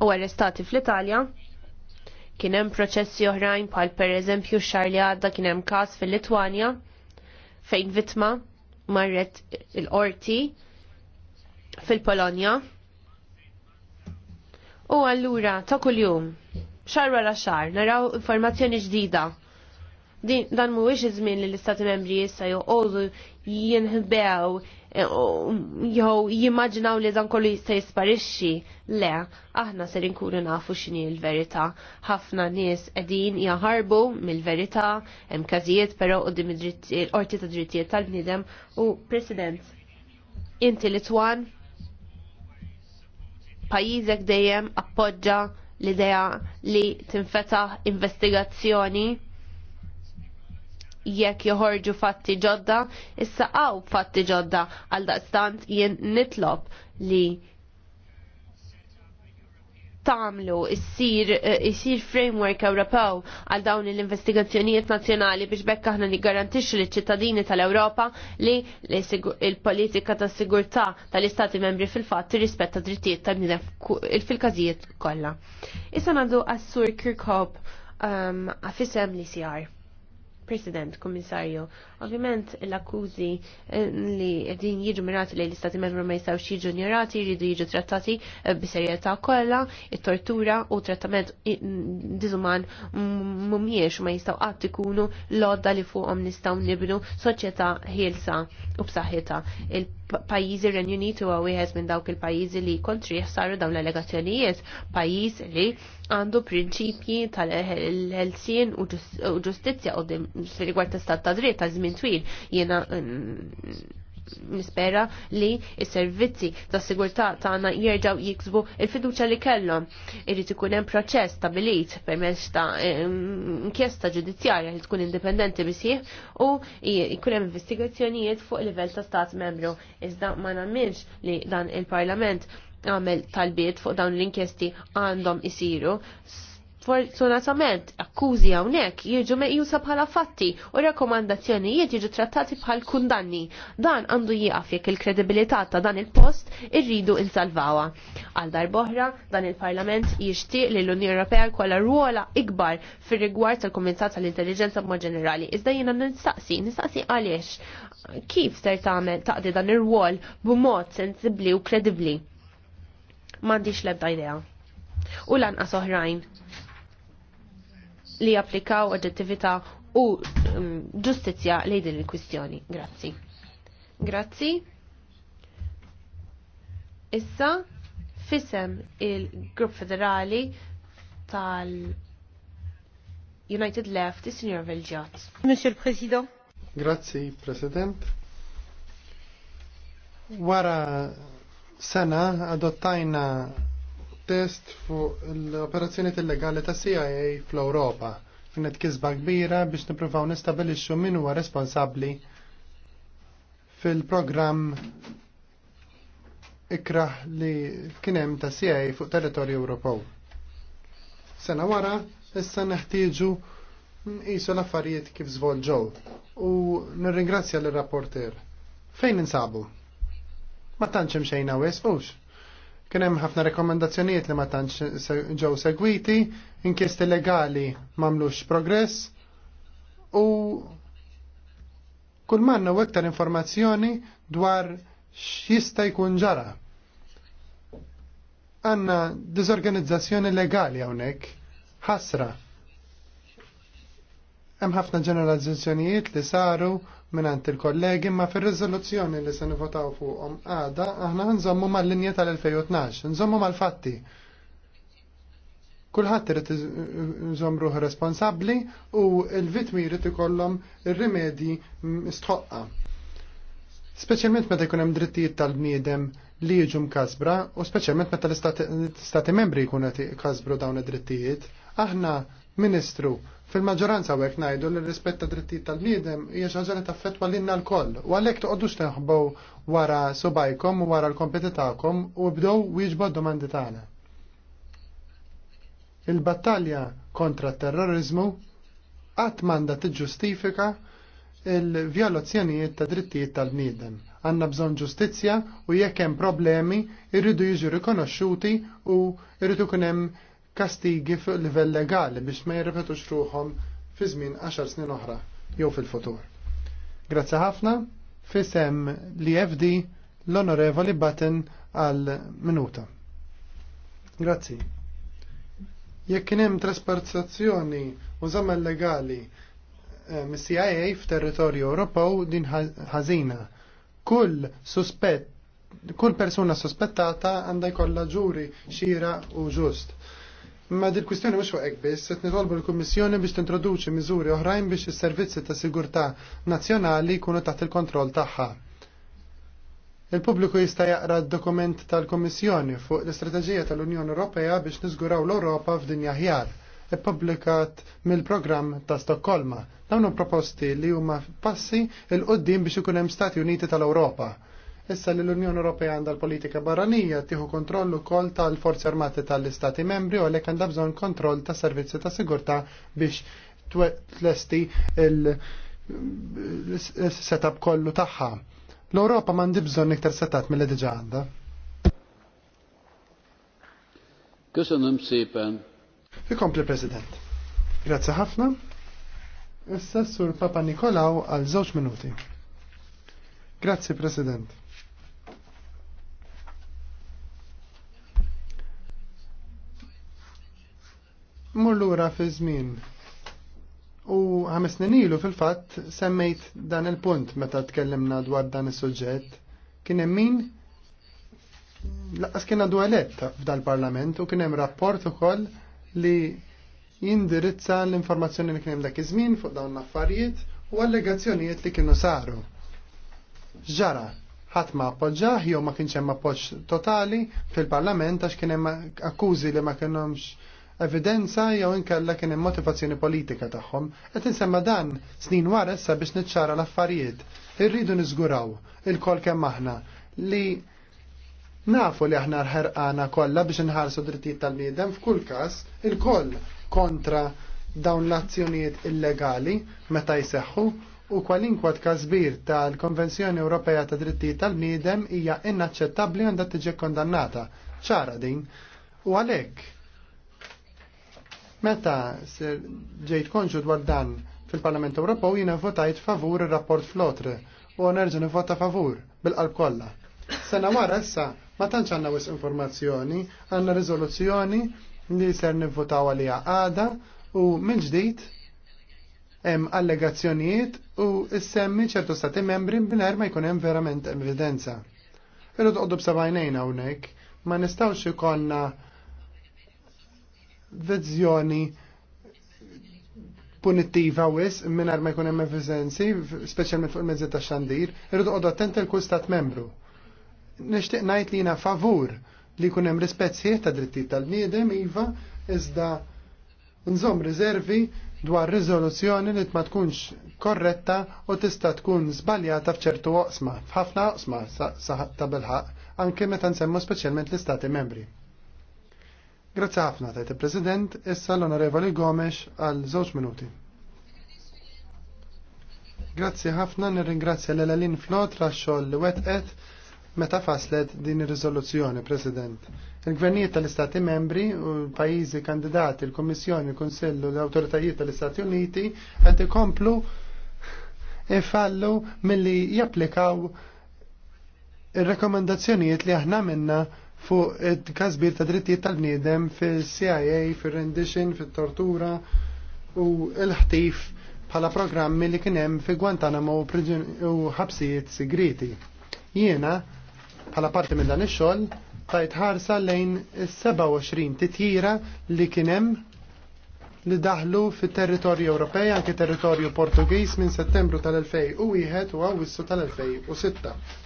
u arrestati fl-Italja. Kien hemm proċessi oħrajn bħal pereżempju x-xahar li għadda kien hemm każ fil-Litwanja fejn vittma marret il-qorti fil-Polonja. U allura ta' kuljum xar wara xar naraw informazzjoni ġdida dan mhuwiex iż-żmien li l-Istati Membri issa joqogħdu jinħbew eh, jew jimmaġinaw li dan kollu jista' jisparixxi. Le, aħna ser inkunu nafu x'inhi l-verità. Ħafna nies qegħdin jaħarbu mill-verità, hemm każijiet però qudiem l-orti ta' drittijiet tal-bniedem u President. Inti Litwan, pajjiżek dejjem appoġġa l-idea li tinfetaħ investigazzjoni jekk joħorġu fatti ġodda, issa għaw fatti ġodda għal daqstant jien nitlob li tamlu issir eh, issir framework Ewropew għal dawn l-investigazzjonijiet nazzjonali biex bekk aħna niggarantixxu liċ-ċittadini tal-Ewropa li l-politika ta' sigurtà tal-Istati membri fil fat rispetta drittijiet ta' bniedem fil-każijiet kollha. Issa ngħidu għas-Sur Kirkhope um, għafisem li sijar. President, Komissarju, ovvjament l-akkużi eh, li din jiġu mirati li l-istati membru ma jistaw xieġu njerati, jridu jiġu trattati eh, b-serjeta kollha, il tortura u trattament mm, diżuman mumiex ma jistaw qatt ikunu lodda li fuqhom nistgħu nibnu soċieta ħielsa u b-saħieta pajizi Renjunitu għu wieħed minn dawk il-pajizi li kontri jħsaru dawn l-allegazzjonijiet, pajiz li għandu prinċipji tal ħelsin u ġustizja u rigward t stat ta' dritt ta' żmien twil jiena mm, nispera li s-servizzi ta' sigurtà tagħna jerġgħu jiksbu il-fiduċja li kellhom. Irid ikun hemm proċess stabilit permezz ta' inkjesta ġudizzjarja li tkun indipendenti bisih u jkun hemm investigazzjonijiet fuq livell ta' stat membru. Iżda ma nagħmilx li dan il-Parlament għamel talbiet fuq dawn l-inkjesti għandhom isiru Fortunatament, akkużi hawnhekk jiġu meqjusa bħala fatti u rakkomandazzjonijiet jiġu trattati bħal kundanni. Dan għandu jieqaf jekk il-kredibilità ta' dan il-post irridu insalvawa. Għal darboħra, dan il-Parlament jixtieq li l-Unjoni Ewropea jkollha ruola ikbar fir-rigward tal-Kumitat tal-Intelligenza b'mod ġenerali. Iżda jiena nistaqsi, nistaqsi għaliex kif ser tagħmel taqdi dan ir-rwol b'mod sensibbli u kredibbli. M'għandix l-ebda idea. U lanqas oħrajn li applikaw oġġettività u um, ġustizzja li din il-kwistjoni. Grazzi. Grazzi. Issa fisem il-Grupp Federali tal- United Left, il-Signor Velġat. Monsieur le President. Grazzi, President. Wara sena adottajna test fuq l-operazzjoni illegali ta' CIA fl-Europa. Kienet kisba kbira biex nipruvaw nistabilixxu min huwa responsabbli fil-programm ikraħ li kien hemm ta' CIA fuq territorju Ewropew. Sena wara, issa neħtieġu nqisu l-affarijiet kif żvolġew u nirringrazzja l rapporter Fejn insabu? Ma tantx hemm xejn wisqux. Kien hemm ħafna rekomendazzjoniet li ma tantx ġew segwiti, inkjesti legali m'għamlux progress u kull manna u iktar informazzjoni dwar x'jista' jkun ġara. Għanna diżorganizzazzjoni legali hawnhekk, ħasra. Hemm ħafna ġeneralizzazzjonijiet li saru minant il-kollegi ma fil-rizoluzzjoni li se nivotaw fuqhom għada aħna nżommu mal-linja tal-2012, nżommu mal-fatti. Kulħadd irid nżommu responsabli responsabbli u l-vitmi jrid ikollhom il-rimedi stħoqqa. Speċjalment meta jkun hemm drittijiet tal-bniedem li jiġu mkasbra u speċjalment meta l-istati membri jkunu kasbru dawn id-drittijiet, aħna Ministru Fil-maġġoranza għek najdu li rispett ta' drittijiet tal-bniedem hija xi ħaġa li taffettwa lilna l-koll. U għalhekk toqgħodux teħbow wara subajkom u wara l-kompeti tagħkom u bdew wieġbu domandi tagħna. Il-battalja kontra t terrorizmu qatt m'għandha tiġġustifika il-vjolazzjonijiet ta' drittijiet tal-bniedem. Għanna bżon ġustizzja u jekk hemm problemi irridu jiġu rikonoxxuti u irridu kun hemm kastigi fuq livell legali biex ma jirrepetux ruhom fi żmien 10 snin oħra jew fil-futur. Grazzi ħafna, fisem li FD l-onorevoli Batten għal minuta. Grazzi. Jekk kien hemm trasportazzjoni u żammel legali eh, mis-CIA f'territorju Ewropew din ħażina. Kull suspett, kull persuna suspettata għandha jkollha ġuri xira u ġust Ma dil kwistjoni mhux fuq biss, qed nitolbu l-Kummissjoni biex tintroduċi miżuri oħrajn biex is-servizzi ta' sigurtà nazzjonali jkunu taħt il-kontroll tagħha. Il-pubbliku jista' jaqra d-dokument tal-Kummissjoni fuq l-Istrateġija tal-Unjoni Ewropea biex niżguraw l-Ewropa f'dinja ħjar ippubblikat mill-programm ta' Stokkolma. Dawn proposti li huma passi il-qoddim biex ikun hemm Stati Uniti tal-Ewropa Issa li l-Unjoni Ewropea għandha l-politika barranija tieħu kontrollu ukoll tal-Forzi Armati tal-Istati Membri u għalhekk għandha bżonn kontroll ta' servizzi ta' sigurtà biex tlesti il-setup kollu tagħha. L-Ewropa m'għandi bżonn iktar setat mill-li diġà għandha. Köszönöm szépen. Fikompli President. Grazzi ħafna. Issa sur Papa Nikolaw għal żewġ minuti. Grazzi President. mur lura fi żmien. U ħames ilu fil-fatt semmejt dan il-punt meta tkellimna dwar dan is-suġġett kien hemm min laqas kien għadu f'dal-Parlament u kien hemm rapport ukoll li jindirizza l-informazzjoni li kien hemm dak iż-żmien fuq dawn l-affarijiet u allegazzjonijiet li kienu saru. Ġara, ħadd ma appoġġah jew ma kienx hemm appoġġ totali fil-Parlament għax kien hemm akkużi li ma kienhomx evidenza jew inkella kien hemm motivazzjoni politika tagħhom. Qed insemma dan snin wara issa biex niċċara l-affarijiet. Irridu niżguraw il-kol kemm aħna li nafu li aħna rħerqana kollha biex inħarsu drittijiet tal-bniedem f'kull każ il-koll kontra dawn l-azzjonijiet illegali meta jseħħu u kwalinkwa tkazbir tal-Konvenzjoni Ewropea ta' Drittijiet tal-Bniedem hija inaċċettabbli għandha tiġi kondannata. ċara din. U għalhekk Meta ser ġejt konġu dwar dan fil-Parlament Ewropew jiena votajt favur ir-rapport flotre u nerġa' nivvota favur bil-qalb kollha. Sena wara issa ma tantx għandna wis informazzjoni, għandna riżoluzzjoni li ser nivvotaw għalija għada u minn ġdid hemm allegazzjonijiet u issemmi ċertu stati membri mingħajr ma jkun hemm verament evidenza. Irrid qoddu b'sebgħinejn hawnhekk ma nistgħux ikollna vizjoni punittiva wis minnar ma jkun hemm effiżenzi, speċjalment fuq il-mezzi ta' xandir, irrid qogħdu attent il kull stat membru. Nixtieq ngħid li jiena favur li jkun hemm rispett sieħ ta' drittijiet tal-bniedem iva iżda nżomm riservi dwar riżoluzzjoni li ma tkunx korretta u tista' tkun żbaljata f'ċertu oqsma, f'ħafna oqsma ta' bilħaq, anke meta nsemmu speċjalment l-istati membri. Grazzi ħafna, tajt il-President, issa l-Onorevoli Gomes għal żewġ minuti. Grazzi ħafna nirringrazzja l elalin Flot raxxol li wetqet meta faslet din ir-riżoluzzjoni, President. Il-gvernijiet tal-Istati membri u l-pajjiżi kandidati, il-Kommissjoni, il u l-Awtoritajiet tal-Istati Uniti qed ikomplu fallu milli japplikaw ir-rekomendazzjonijiet li aħna minna fuq il-kazbir ta' drittijiet tal-bniedem fil-CIA, fil-rendition, fil-tortura u il-ħtif bħala programmi li kienem fi Guantanamo u ħabsijiet segreti. Jiena, bħala parti minn dan ix-xogħol, tajt ħarsa lejn 27 titjira li kienem li daħlu fit territorju Ewropej anke territorju Portugiż minn Settembru tal-2001 u Awwissu tal-2006.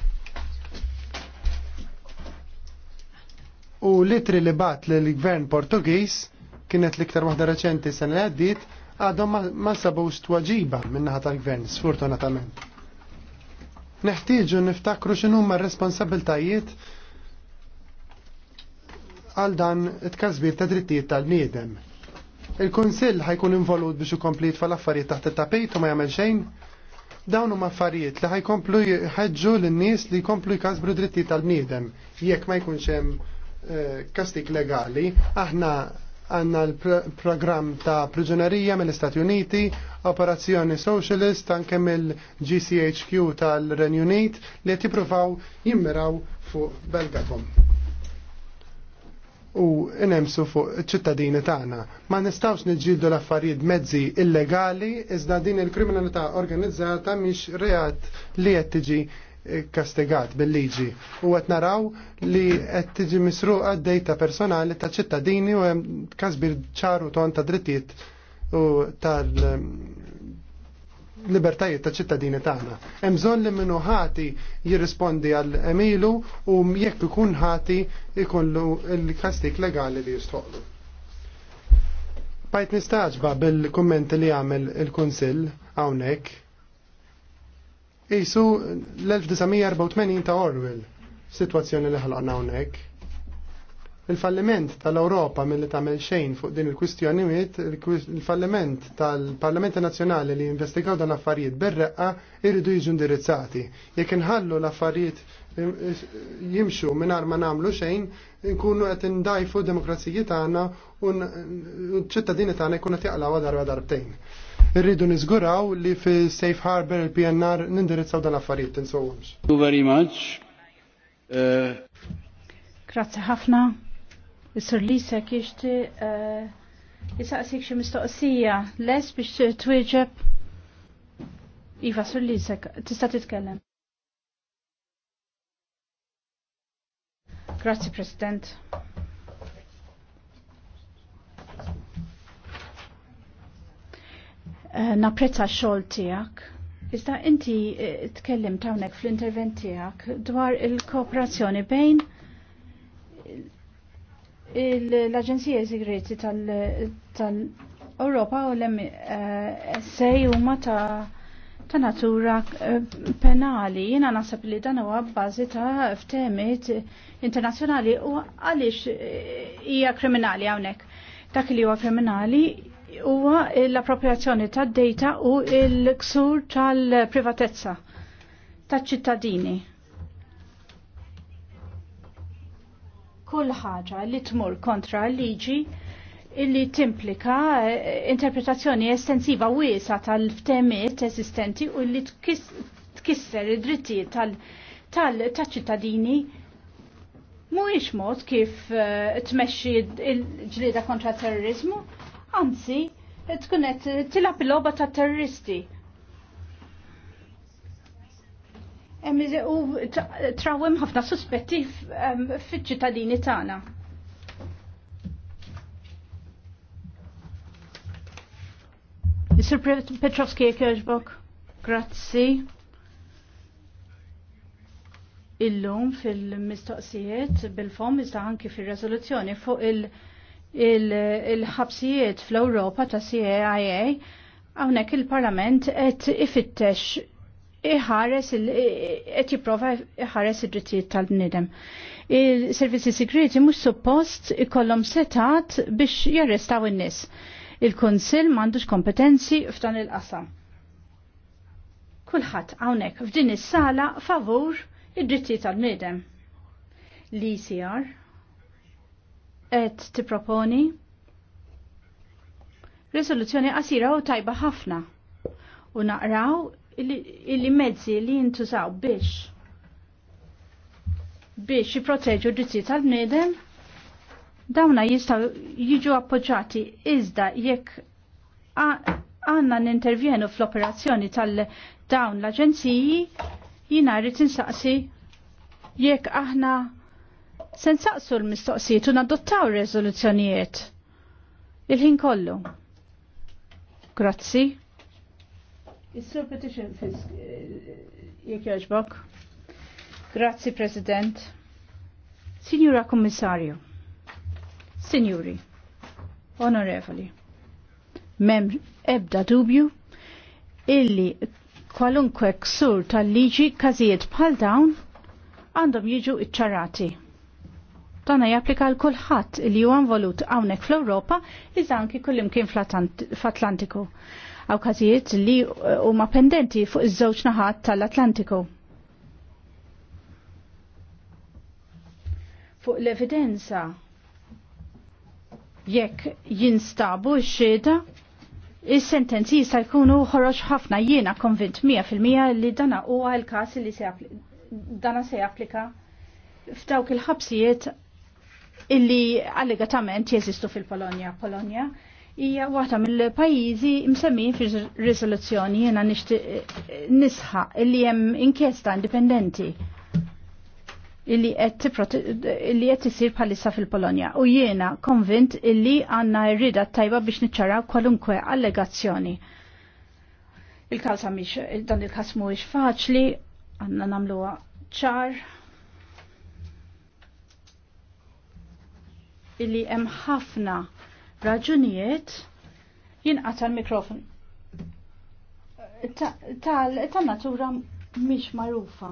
u litri li bat l-gvern Portugiż kienet l-iktar wahda reċenti sena li għaddit għadhom ma sabux tweġiba minnaħa tal-gvern, sfortunatament. Neħtieġu niftakru x'inhuma r-responsabiltajiet għal dan it-kazbir ta' drittijiet tal-bniedem. Il-Kunsill ħajkun involut biex ikompli tfal affarijiet taħt it-tapejt u ma jagħmel xejn. Dawn huma affarijiet li ħajkomplu ħeġġu lin-nies li jkomplu jkasbru drittijiet tal-bniedem jekk ma jkunx hemm Eh, kastik legali, aħna għanna l-program ta' prigionerija mill-Istati Uniti, operazzjoni socialist, anke mill-GCHQ tal-Renju Unit li tipruvaw jimmiraw fuq Belgakom. U inemsu fuq ċittadini tagħna. Ma nistawx niġġieldu l-affarijiet mezzi illegali iżda din il-kriminalità organizzata mhix reat li qed tiġi kastigat bil-liġi u għet naraw li għet tiġi misruq d-dejta personali ta' ċittadini u għem kazbir ċaru ton ta' drittijiet u tal libertajiet ta' ċittadini tagħna. Hemm bżonn li minnu ħati jirrispondi għal emilu u jekk ikun ħati ikollu l-kastik legali li jistħollu Bajt nistaġba bil-kummenti li għamel il-Kunsill hawnhekk Isu l-1984 ta' Orwell, situazzjoni li ħalqna hawnhekk. Il-falliment tal-Ewropa milli tagħmel xejn fuq din il-kwistjonijiet, il-falliment tal-Parlamenti Nazzjonali li investigaw dan affarijiet berreqqa irridu jiġu indirizzati. Jekk inħallu l-affarijiet eh, jimxu mingħajr ma namlu xejn, inkunu qed indajfu demokrazijiet tagħna u ċittadini tagħna jkunu qed jaqlaw darba darbtejn. Irridu nizguraw li fi Safe Harbor il-PNR nindirizzaw dan affarijiet insowhomx. Thank you very much. Uh, Grazzi ħafna. Is-Sir Lisa kiexti jisaqsik uh, xi mistoqsija les biex twieġeb. Iva, Sir Lisa, tista' titkellem. Grazie President. Eh, naprezza xol tijak. Iżda inti eh, tkellim tawnek fl-intervent tijak dwar il-kooperazzjoni bejn l-Aġenzija Segreti tal-Europa u l sej u ma ta' natura eh, penali. jina nasab li dan huwa bbażi ta' ftemit internazzjonali u għaliex hija kriminali hawnhekk. Dak li huwa kriminali huwa l-appropriazzjoni tad data u l-ksur tal-privatezza taċ ċittadini Kull ħaġa li tmur kontra l-liġi illi timplika eh, interpretazzjoni estensiva wiesa tal-ftemiet esistenti u li tkisser id-drittijiet tal-ċittadini mhuwiex mod kif eh, tmexxi l-ġlieda kontra terrorizmu anzi, tkun qed tilab il-logħba ta' terroristi. U trawem ħafna suspetti fiċ-ċittadini tagħna. Sir Petrovski Kirchbok, grazzi. Illum fil-mistoqsijiet bil-fom iżda anki fil-rezoluzzjoni fuq il- il-ħabsijiet fl-Europa ta' CIA għawnek il-parlament et ifittex iħares et jiprofa iħares id-drittijiet tal-bnidem. Il-servizzi segreti mux suppost ikollhom setat biex jarrestaw in-nies. Il-Konsil m'għandux kompetenzi f'dan il-qasam. Kulħadd hawnhekk f'din is-sala favur id-drittijiet tal-bniedem. L-ICR e qed tipproponi risoluzzjoni qasira u tajba ħafna u naqraw illi mezzi li jintużaw biex biex jipproteġu d-dizzi tal-bnedem dawna jistaw jiġu appoġġati iżda jekk għanna n-intervjenu fl-operazzjoni tal-dawn l-aġenziji jina rritin saqsi jekk aħna Sensaqsu l-mistoqsijiet u nadottaw r-rezoluzzjonijiet. Il-ħin kollu. Grazzi. Is-sur petition fisk eh, jek jaġbok. Grazzi, President. Signora Kommissarju. Signori. Onorevoli. Mem ebda dubju illi kwalunkwe ksur tal-liġi kazijiet bħal dawn għandhom jiġu iċċarati. Dana japplika l kulħadd li huwa involut hawnhekk fl-Ewropa iżda anki kullimkien fl-Atlantiku. Aw każijiet li eh, huma pendenti fuq iż-żewġ naħat tal-Atlantiku. Fuq l-evidenza jekk jinstabu x-xhieda Is-sentenzi jista' jkunu ħoroġ ħafna jiena konvint 100% li dana huwa l-każ li se dana se japplika f'dawk il-ħabsijiet illi allegatament jeżistu fil-Polonja. Polonja hija waħda mill-pajjiżi msemmin fir-riżoluzzjoni jiena eh, nisħa illi hemm inkjesta indipendenti illi qed isir bħalissa fil-Polonja u jiena konvint illi għandna rrida tajba biex niċċaraw kwalunkwe allegazzjoni. Il-każ mhix dan il-każ mhuwiex faċli, għandna nagħmluha ċar illi hemm ħafna raġunijiet jinqata l-mikrofon. Tal-natura mhix magħrufa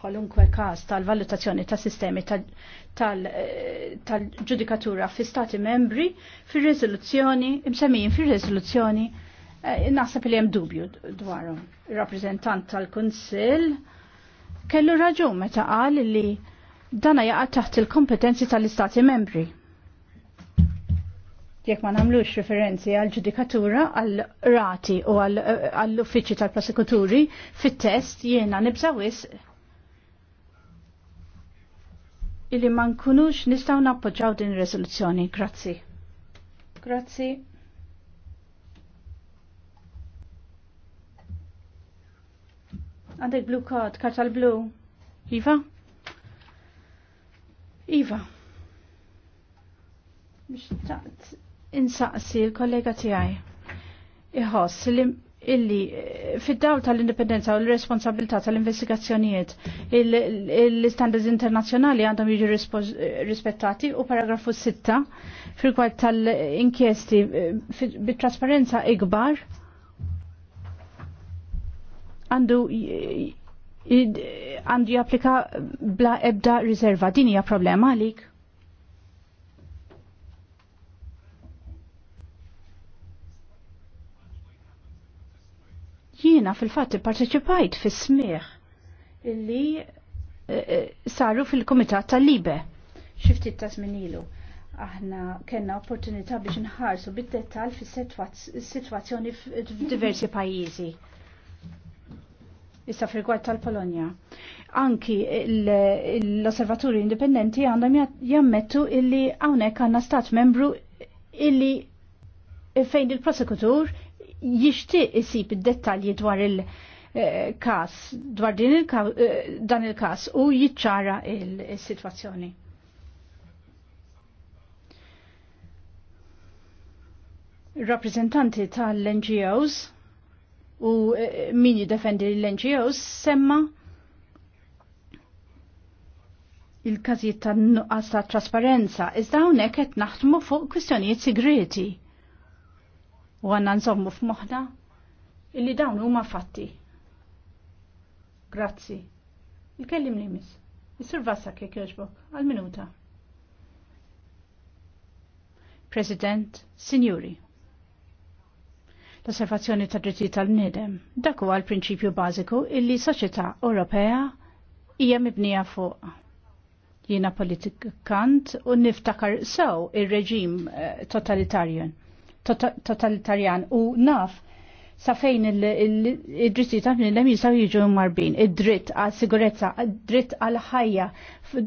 kwalunkwe każ tal-valutazzjoni ta' sistemi tal-ġudikatura tal, tal fi stati membri fir riżoluzzjoni imsemmijin fir riżoluzzjoni eh, naħseb li hemm dubju dwarhom. Ir-rappreżentant tal-Kunsill kellu raġun meta qal li dana jaqa' taħt il-kompetenzi tal-Istati membri. Jekk ma nagħmlux referenzi għal ġudikatura għal rati u għall uffiċċji tal-prosekuturi fit-test jiena nibżaw wis illi ma nkunux nistgħu nappoġġaw din ir-riżoluzzjoni. Grazzi. Grazzi. Għandek blue kod, kartal blu. Iva? Iva, biex insaqsi l-kollega tijaj iħoss illi eh, fid-dawl tal-indipendenza u l-responsabilità tal-investigazzjonijiet l-standards internazzjonali għandhom jiġu rispettati u paragrafu 6 fil-kwad tal-inkjesti eh, bit-trasparenza ikbar għandu għandu japplika bla ebda riserva. Din hija problema għalik. Jiena fil-fatt parteċipajt fis smieħ illi eh, eh, saru fil-Komitat tal-Libe. Xifti ta' ilu aħna kena opportunità biex nħarsu bid-detal fis-sitwazzjoni f'diversi pajjiżi. Issa frigward tal-Polonja. Anki l-Osservaturi Indipendenti għandhom jammettu illi hawnhekk għandna stat membru illi fejn il-prosekutur jixtieq isib id-dettalji dwar il-kas eh, dwar din il eh, dan il-kas u jiċċara il-sitwazzjoni. Rappresentanti tal-NGOs u e, e, min jiddefendi l-NGOs semma il-każijiet ta' nuqqas ta' trasparenza, iżda hawnhekk qed naħdmu fuq kwistjonijiet segreti. U għanna nżommu f'moħħna illi dawn huma fatti. Grazzi. Il-kellim li mis. Jisir vassa kek jogħġbok għal-minuta. President, Signori l-osservazzjoni ta' dritti tal-nidem. Dak huwa l-prinċipju bażiku illi soċjetà Ewropea hija mibnija fuq. Jiena politikant u niftakar sew ir-reġim eh, totalitarjan. Tota-, totalitarjan u naf sa fejn id-dritti ta' bnidem jisaw jiġu marbin, id-dritt għal sigurezza, id-dritt għal ħajja,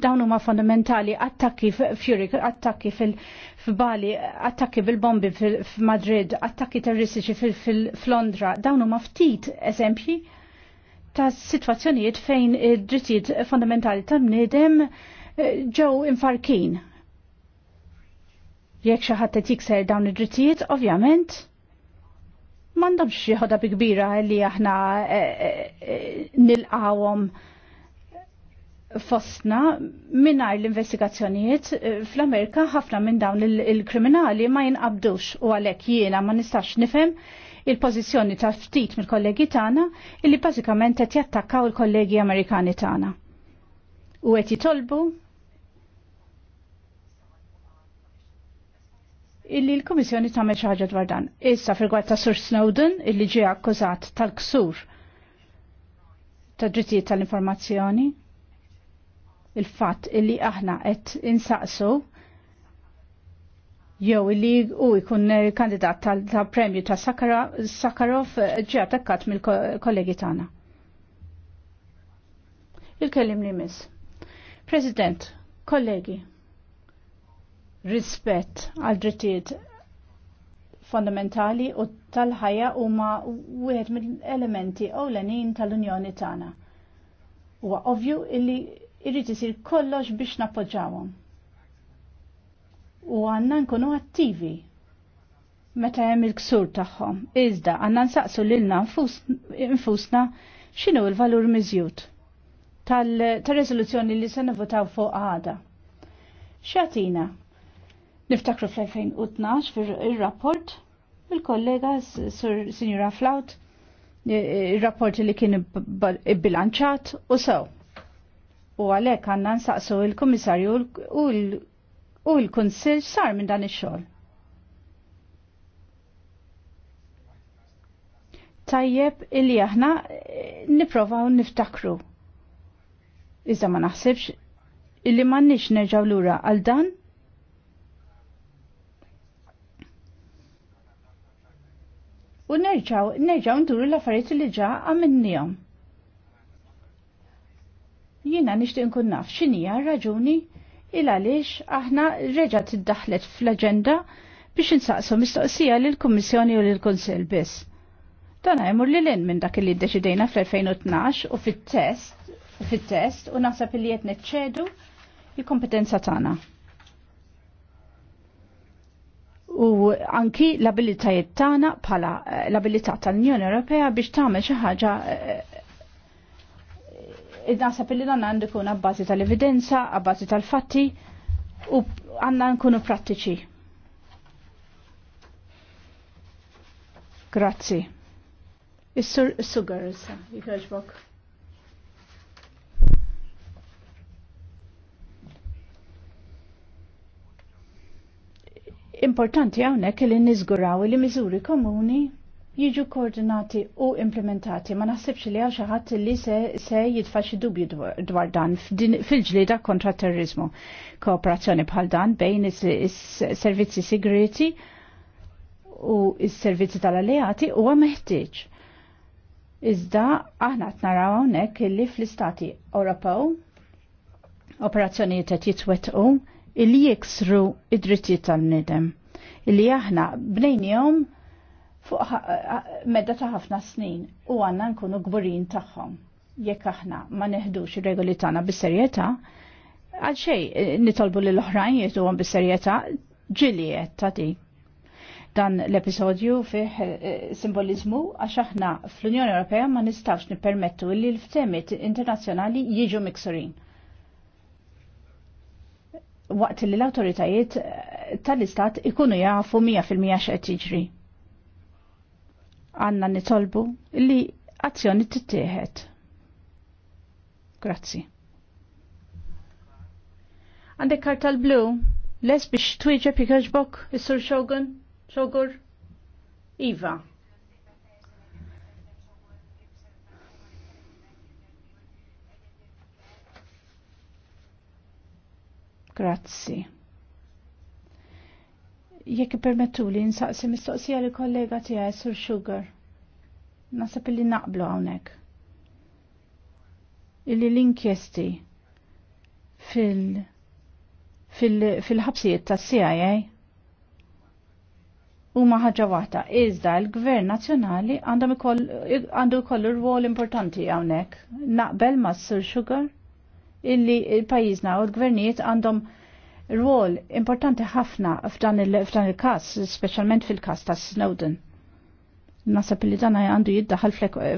dawn huma fondamentali, attakki fjurik, attakki fil-Bali, attakki bil-bombi f'Madrid, madrid attakki terroristiċi fil-Londra, dawn huma ftit eżempji ta' situazzjonijiet fejn id-drittijiet fondamentali ta' bnidem eh, ġew infarkin. Jekk xi ħadd jikser dawn id-drittijiet, ovvjament, mandom xieħoda bi kbira li aħna eh, eh, eh, nilqawom fostna minnar l-investigazzjonijiet fl-Amerika ħafna minn dawn il-kriminali ma jinqabdux u għalek jiena ma nistax nifem il-pozizjoni ta' ftit mill-kollegi tagħna illi bażikament qed jattakkaw il-kollegi Amerikani tagħna. U qed jitolbu illi l-Komissjoni tagħmel xi ħaġa dwar dan. Issa fil ta' Sur Snowden illi ġie akkużat tal-ksur ta' drittijiet tal-informazzjoni. Il-fatt illi aħna qed insaqsu jew illi u jkun kandidat tal-premju ta' Sakharov ġie attakkat mill-kollegi tagħna. Il-kellim li miss. President, kollegi, rispett għal drittijiet fondamentali u tal-ħajja huma wieħed mill-elementi ewlenin tal-Unjoni tagħna. Huwa ovvju illi jrid isir kollox biex nappoġġawhom. U għandna nkunu attivi meta hemm il-ksur tagħhom. Iżda għandna nsaqsu lilna infusna x'inhu l-valur miżjud tal-reżoluzzjoni li se nivvotaw fuq għada. Xatina, Niftakru fl-2012 fil-rapport il-kollega Sinjura Signora Flaut il-rapport li kien bilanċat u sew. U għalek għanna nsaqsu il-komissarju u l-konsil sar minn dan ix-xogħol. Tajjeb illi aħna eh, niprofaw niftakru. Iżda ma naħsibx illi ma nix l lura għal dan u nerġaw, nerġaw nduru l-affarijiet li ġa għamennijom. Jina nishtiq nkun naf x'inhija raġuni il għaliex aħna reġa' tiddaħlet fl-aġenda biex insaqsu mistoqsija l kummissjoni u l kunsill biss. Dan jmur li l minn dak li d-deċidejna fl-2012 u fit-test u fit-test u naħseb li qed neċċedu il-kompetenza tagħna u anki l-abilitajiet tagħna bħala eh, l-abilità tal-Unjoni Ewropea biex tagħmel xi ħaġa id-nasab eh, eh, li għandna għandu kun għabbażi tal-evidenza, għabbażi tal-fatti u għandna nkunu prattiċi. Grazzi. Is-sur is jikħġbok. Importanti hawnhekk li nizguraw li miżuri komuni jiġu koordinati u implementati. Ma naħsibx li għal xi ħadd li se, se jitfa' dubju dwar dan fil-ġlieda kontra terrorizmu. Kooperazzjoni bħal dan bejn is-servizzi segreti u s-servizzi tal-alleati huwa meħtieġ. Iżda aħna qed naraw hawnhekk li fl-Istati Ewropew operazzjonijiet qed jitwettqu illi jiksru id-drittijiet tal-nidem illi aħna bnejnijom fuq medda ta' ħafna snin u għanna nkunu gburin tagħhom. Jekk aħna ma neħdux ir-regoli tagħna bis-serjetà, għal xej eh, nitolbu lil oħrajn jieħdu għom bis-serjetà ġiliet ta' di. Dan l-episodju fih eh, simbolizmu għax aħna fl-Unjoni Ewropea ma nistax nippermettu li l-ftemiet internazzjonali jiġu miksurin waqt li l-autoritajiet eh, tal-istat ikunu jafu 100% x'qed jiġri. Għanna nitolbu li azzjoni tittieħed. Grazzi. Għandek karta l-blu? Les biex twieġeb jekk is-sur Xogur? Iva. Grazzi. Jekk permettu li nsaqsi mistoqsija li kollega tiegħi Sur Sugar. Nasab li naqblu hawnhekk. Illi l-inkjesti fil- fil-ħabsijiet fil tas-CIA huma ħaġa waħda. Iżda l-Gvern Nazzjonali għandhom jkollu rwol importanti hawnhekk. Naqbel ma' sur Sugar? illi il-pajizna u l-gvernijiet għandhom rwol importanti ħafna f'dan il-kas, specialment fil-kas ta' Snowden. Nasab li dana għandu jiddaħal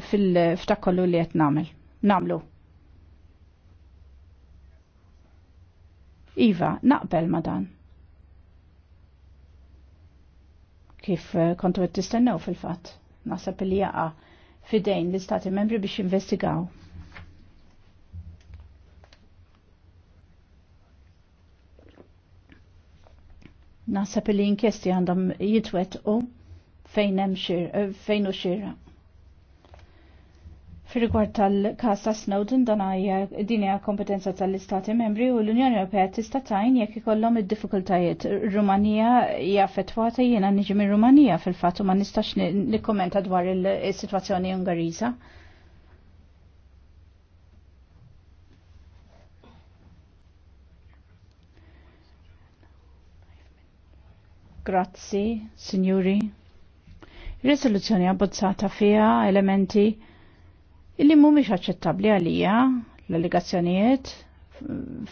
fil-ftakollu li qed namel. Namlu. Iva, naqbel ma dan. Kif eh, kontu tistennew fil-fatt. Nasab li jaqa' fidejn l-istati membri biex investigaw. Nasab li inkjesti għandhom jitwet u fejn hemm xir eh, fejn u xira. Fir-rigward tal-kas ta' Snowden dan hija din hija kompetenza tal-Istati Membri u l-Unjoni Ewropea tista' tajn jekk ikollhom id-diffikultajiet. Rumanija hija affettwata jiena niġi minn Rumanija fil-fatt u ma nistax nikkommenta dwar is-sitwazzjoni Ungariża. Grazzi, signori. Risoluzzjoni abbozzata fija elementi illi mhumiex aċċettabbli għalija l-allegazzjonijiet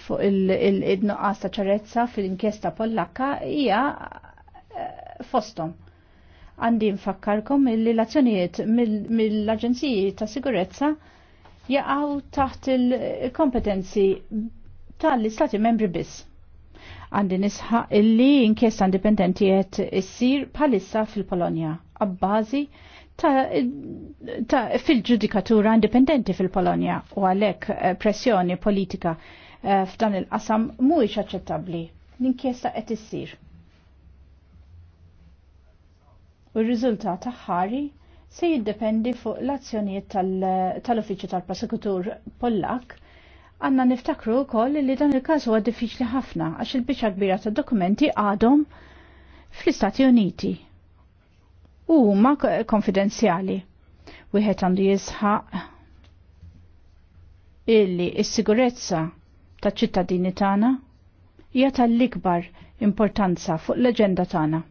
fuq il-nuqqas ta' ċarezza fil-inkjesta pollakka hija eh, fostom. Għandi nfakkarkom illi l mill-Aġenziji ta' Sigurezza jaqgħu taħt il-kompetenzi tal-Istati Membri biss għandi nisħa illi inkjesta indipendenti qed issir bħalissa fil-Polonja għabbazi ta', ta fil-ġudikatura indipendenti fil-Polonja u għalhekk eh, pressjoni politika eh, f'dan il-qasam mhuwiex aċċettabbli. L-inkjesta qed issir. U r-riżultat ħari se jiddependi fuq l-azzjonijiet tal-Uffiċċju tal-Prosekutur Pollak Għanna niftakru wkoll li dan il-każ huwa diffiċli ħafna għax il-biċċa kbira ta' dokumenti għadhom fl-Istati Uniti. U huma konfidenzjali. Wieħed għandu jisħaq illi s-sigurezza taċ ċittadini tagħna hija tal-ikbar importanza fuq l-aġenda tagħna.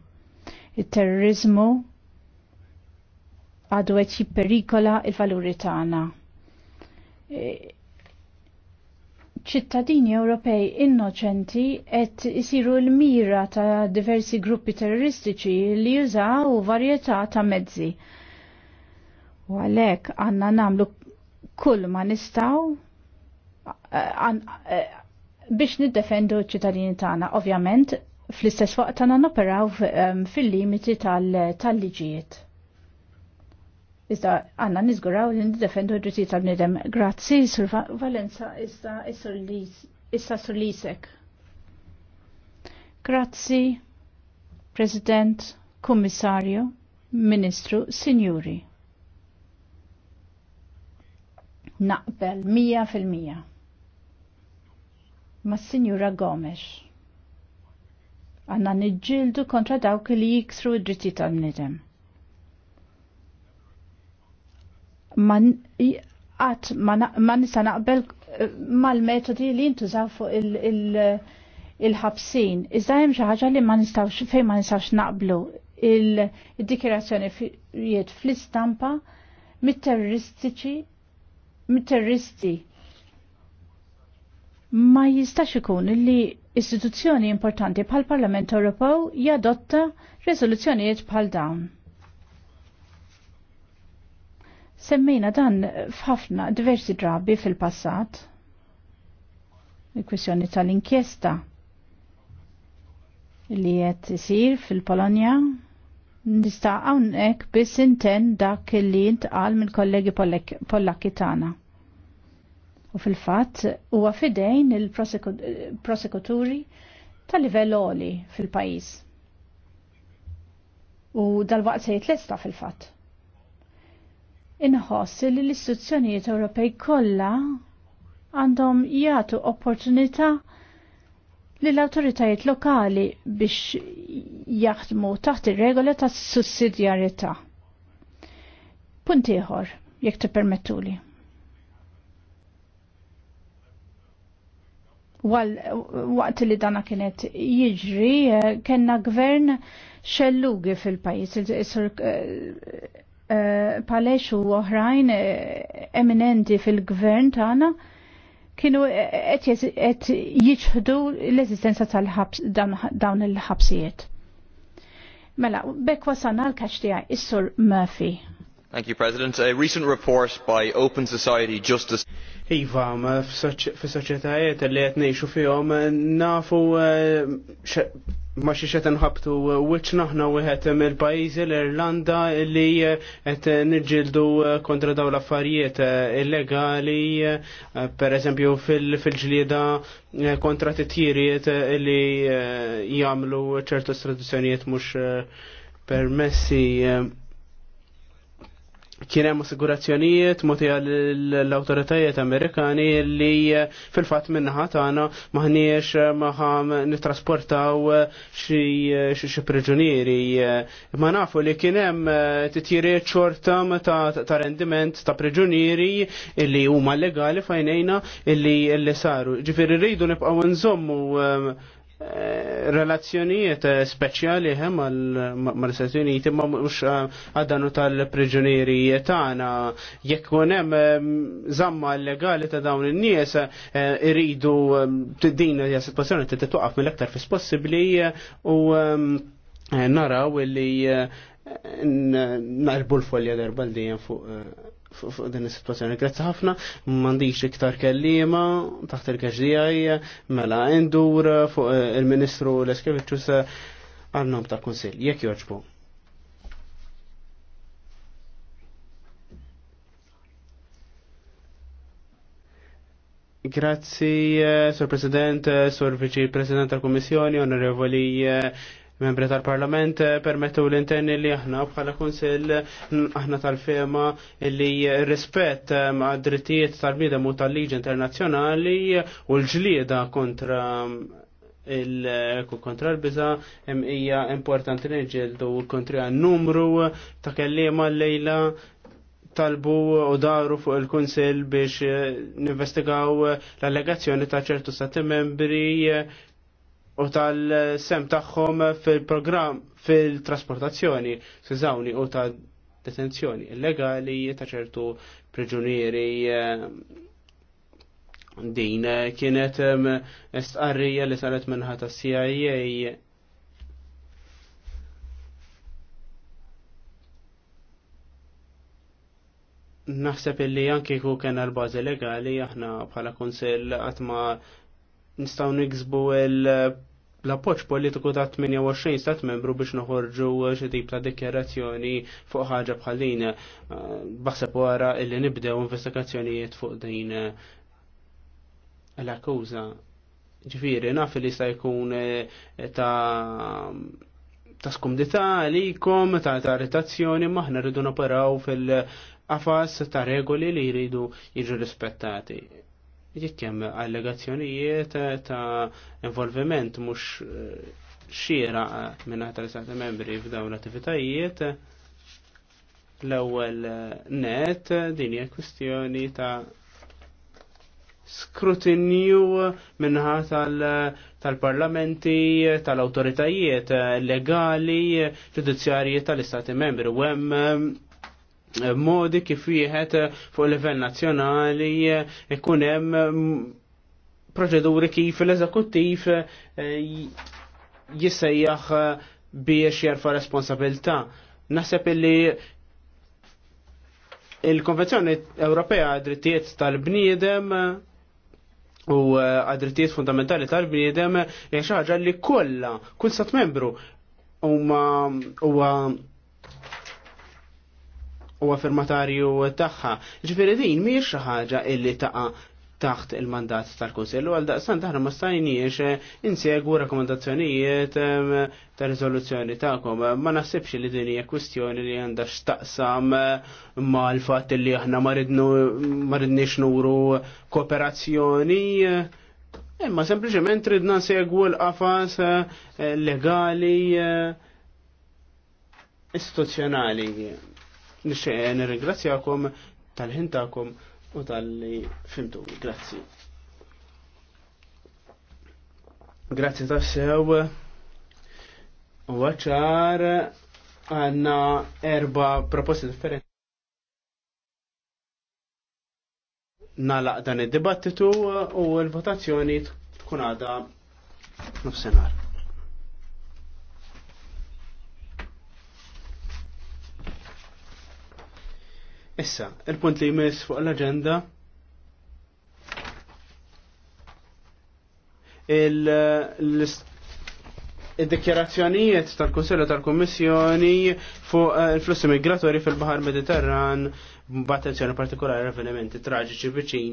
Il-terrorizmu għadu qed jipperikola il-valuri tagħna. E, ċittadini Ewropej innoċenti qed isiru l-mira ta' diversi gruppi terroristiċi li jużaw varjetà ta' mezzi. U għalhekk għandna nagħmlu kull ma nistgħu eh, eh, biex niddefendu ċ-ċittadini tagħna. Ovvjament, fl-istess waqt għandna noperaw eh, fil-limiti tal-liġijiet. Tal Iżda għanna nizguraw li nid-defendu id-drittijiet tal-bnidem. Grazzi, Sur Valenza, iżda issa Sur Lisek. Grazzi, President, Kommissarju, Ministru, Signuri. Naqbel, mija fil-mija. Ma' Sinjura Gomes għanna nidġildu kontra dawk li jiksru id-dritti tal-nidem. għat ma nisa naqbel eh, mal-metodi li jintużaw fuq il-ħabsin. Iżda hemm xi ħaġa li ma nistgħux fejn ma nistax naqblu il jiet fl-istampa mit-terroristiċi mit-terroristi ma jistax ikun li istituzzjoni importanti bħal Parlament Ewropew jadotta riżoluzzjonijiet bħal dawn. Semmejna dan f'ħafna diversi drabi fil-passat. Il-kwissjoni tal-inkjesta li qed isir fil-Polonja nista' hawnhekk biss inten dak li intqal mill-kollegi Pollakki tagħna. U fil-fatt huwa fidejn il-prosekuturi tal-livell oli fil-pajjiż. U dal-waqt se jitlesta fil-fatt inħoss li l-istituzzjonijiet Ewropej kollha għandhom jagħtu opportunità lill awtoritajiet lokali biex jaħdmu taħt ir-regola tas sussidjarjetà. Punt ieħor, jekk tippermettuli. Waqt li dana kienet jiġri, eh, kellna gvern xellugi fil-pajis, eh, Eh, Palesu oħrajn eh, eminenti fil-gvern tagħna kienu eh, qed jiġħdu l-eżistenza tal-ħabs dawn il-ħabsijiet. Mela, bekk wasalna l-kaċ tiegħi is-sur Murphy. Mr President, a recent report by Open Society Justice Iva, f-soċietajiet li għet neħxu fihom nafu eh, ma xie xet nħabtu eh, wiċ naħna wħiħet mill-pajizi l-Irlanda li eh, għet nġildu kontra daw l-affarijiet illegali, per eżempju fil-ġlieda kontra t-tirijiet li jamlu ċertu tradizjonijiet mux permessi kien hemm assigurazzjonijiet moti l-awtoritajiet Amerikani li fil-fatt minnaħa tagħna maħniex maħam nittrasportaw xi priġunieri. Ma nafu li kien hemm titjiriet xorta ta' rendiment ta' priġunieri li huma legali fajnejna illi saru. Ġifieri rridu nibqgħu nżommu relazzjonijiet eh, speċjali hemm eh, mal-Stati Uniti ma mhux eh, għadanu tal-priġunieri tagħna jekk kun hemm żamma legali ta' dawn in-nies iridu din hija sitwazzjoni trid titwaqaf mill-aktar fis possibbli u naraw li narbu l-folja darba l fuq fuq din is-sitwazzjoni. Grazzi ħafna, m'għandix iktar kellima taħt il-kaġdijaj, mela indur fuq eh, il-Ministru Leskevicius eh, għal-nom ta' kunsil. Jekk joġbu. Grazzi, eh, Sur President, Sur Vici President tal Kommissjoni, Onorevoli membri tal-parlament eh, permettu l-interni li aħna bħala kunsill aħna tal-fema li rispett eh, ma' drittijiet tal-bidem u tal-liġi internazzjonali u l-ġlieda kontra mm, il-kontra l-biza hija importanti l kontri għan numru ta' kellima l-lejla talbu u daru fuq il-Kunsil biex eh, ninvestigaw l-allegazzjoni ta' ċertu stati membri u tal-sem tagħhom fil-programm fil-trasportazzjoni, skużawni, u ta' detenzjoni illegali ta' ċertu priġunieri eh, din kienet estqarrija li saret ta' CIA naħseb illi anki ku kena l-bazi legali aħna bħala konsil għatma nistaw niksbu eh, l-appoċ politiku ta' 28 stat membru biex noħorġu eh, xi tip ta' dikjarazzjoni fuq ħaġa din eh, baħseb wara illi nibdew investigazzjonijiet fuq din l-akkuża. Ġifieri naf li sta jkun ta' ta' skumdita għalikom, ta' ta' retazzjoni, maħna rridu naparaw fil-qafas ta' regoli li jridu jiġu rispettati jekk hemm allegazzjonijiet ta' involviment mhux eh, xiera eh, minn tal-istati membri f'dawn l-attivitajiet l-ewwel eh, net din hija kwistjoni ta' skrutinju minnaħa tal-parlamenti, tal-autoritajiet legali, ġudizzjarji tal-istati membri. U hemm modi kif wieħed fuq livell nazzjonali eh, ikun hemm mm, proċeduri kif l-eżekuttiv eh, jissejjaħ eh, biex jarfa responsabilità. Naħseb illi il-Konvenzjoni Ewropea għad-drittijiet tal-bniedem u għad-drittijiet fundamentali tal-bniedem hija xi ħaġa li kollha kull stat membru huma u affermatarju tagħha. Ġifiri din mhijiex xi ħaġa illi taqa' taħt il-mandat tal-Kunsill u għal-daqsan taħna ma stajniex insegu rakkomandazzjonijiet ta' rizoluzzjoni ta'kom. Ma nasibx li din hija kwistjoni li għandha x'taqsam ma l-fatt li aħna ma ridniex nuru kooperazzjoni. Imma sempliċement ridna nsegwu l-qafas eh, legali eh, istituzzjonali Nixxie nirringrazzjakom tal-ħin tagħkom u tal-li fimtu. Grazzi. Grazzi tassew. U għacċar għanna erba proposti differenti. Nalaq dan id-dibattitu u l-votazzjoni tkun għada nofsenar. Issa, il-punt li jmiss fuq l-agenda il-dikjarazzjonijiet tal-Konsilju tal-Kommissjoni fuq eh, il-flussi migratori fil-Bahar Mediterran b'attenzjoni partikolari avvenimenti traġiċi viċin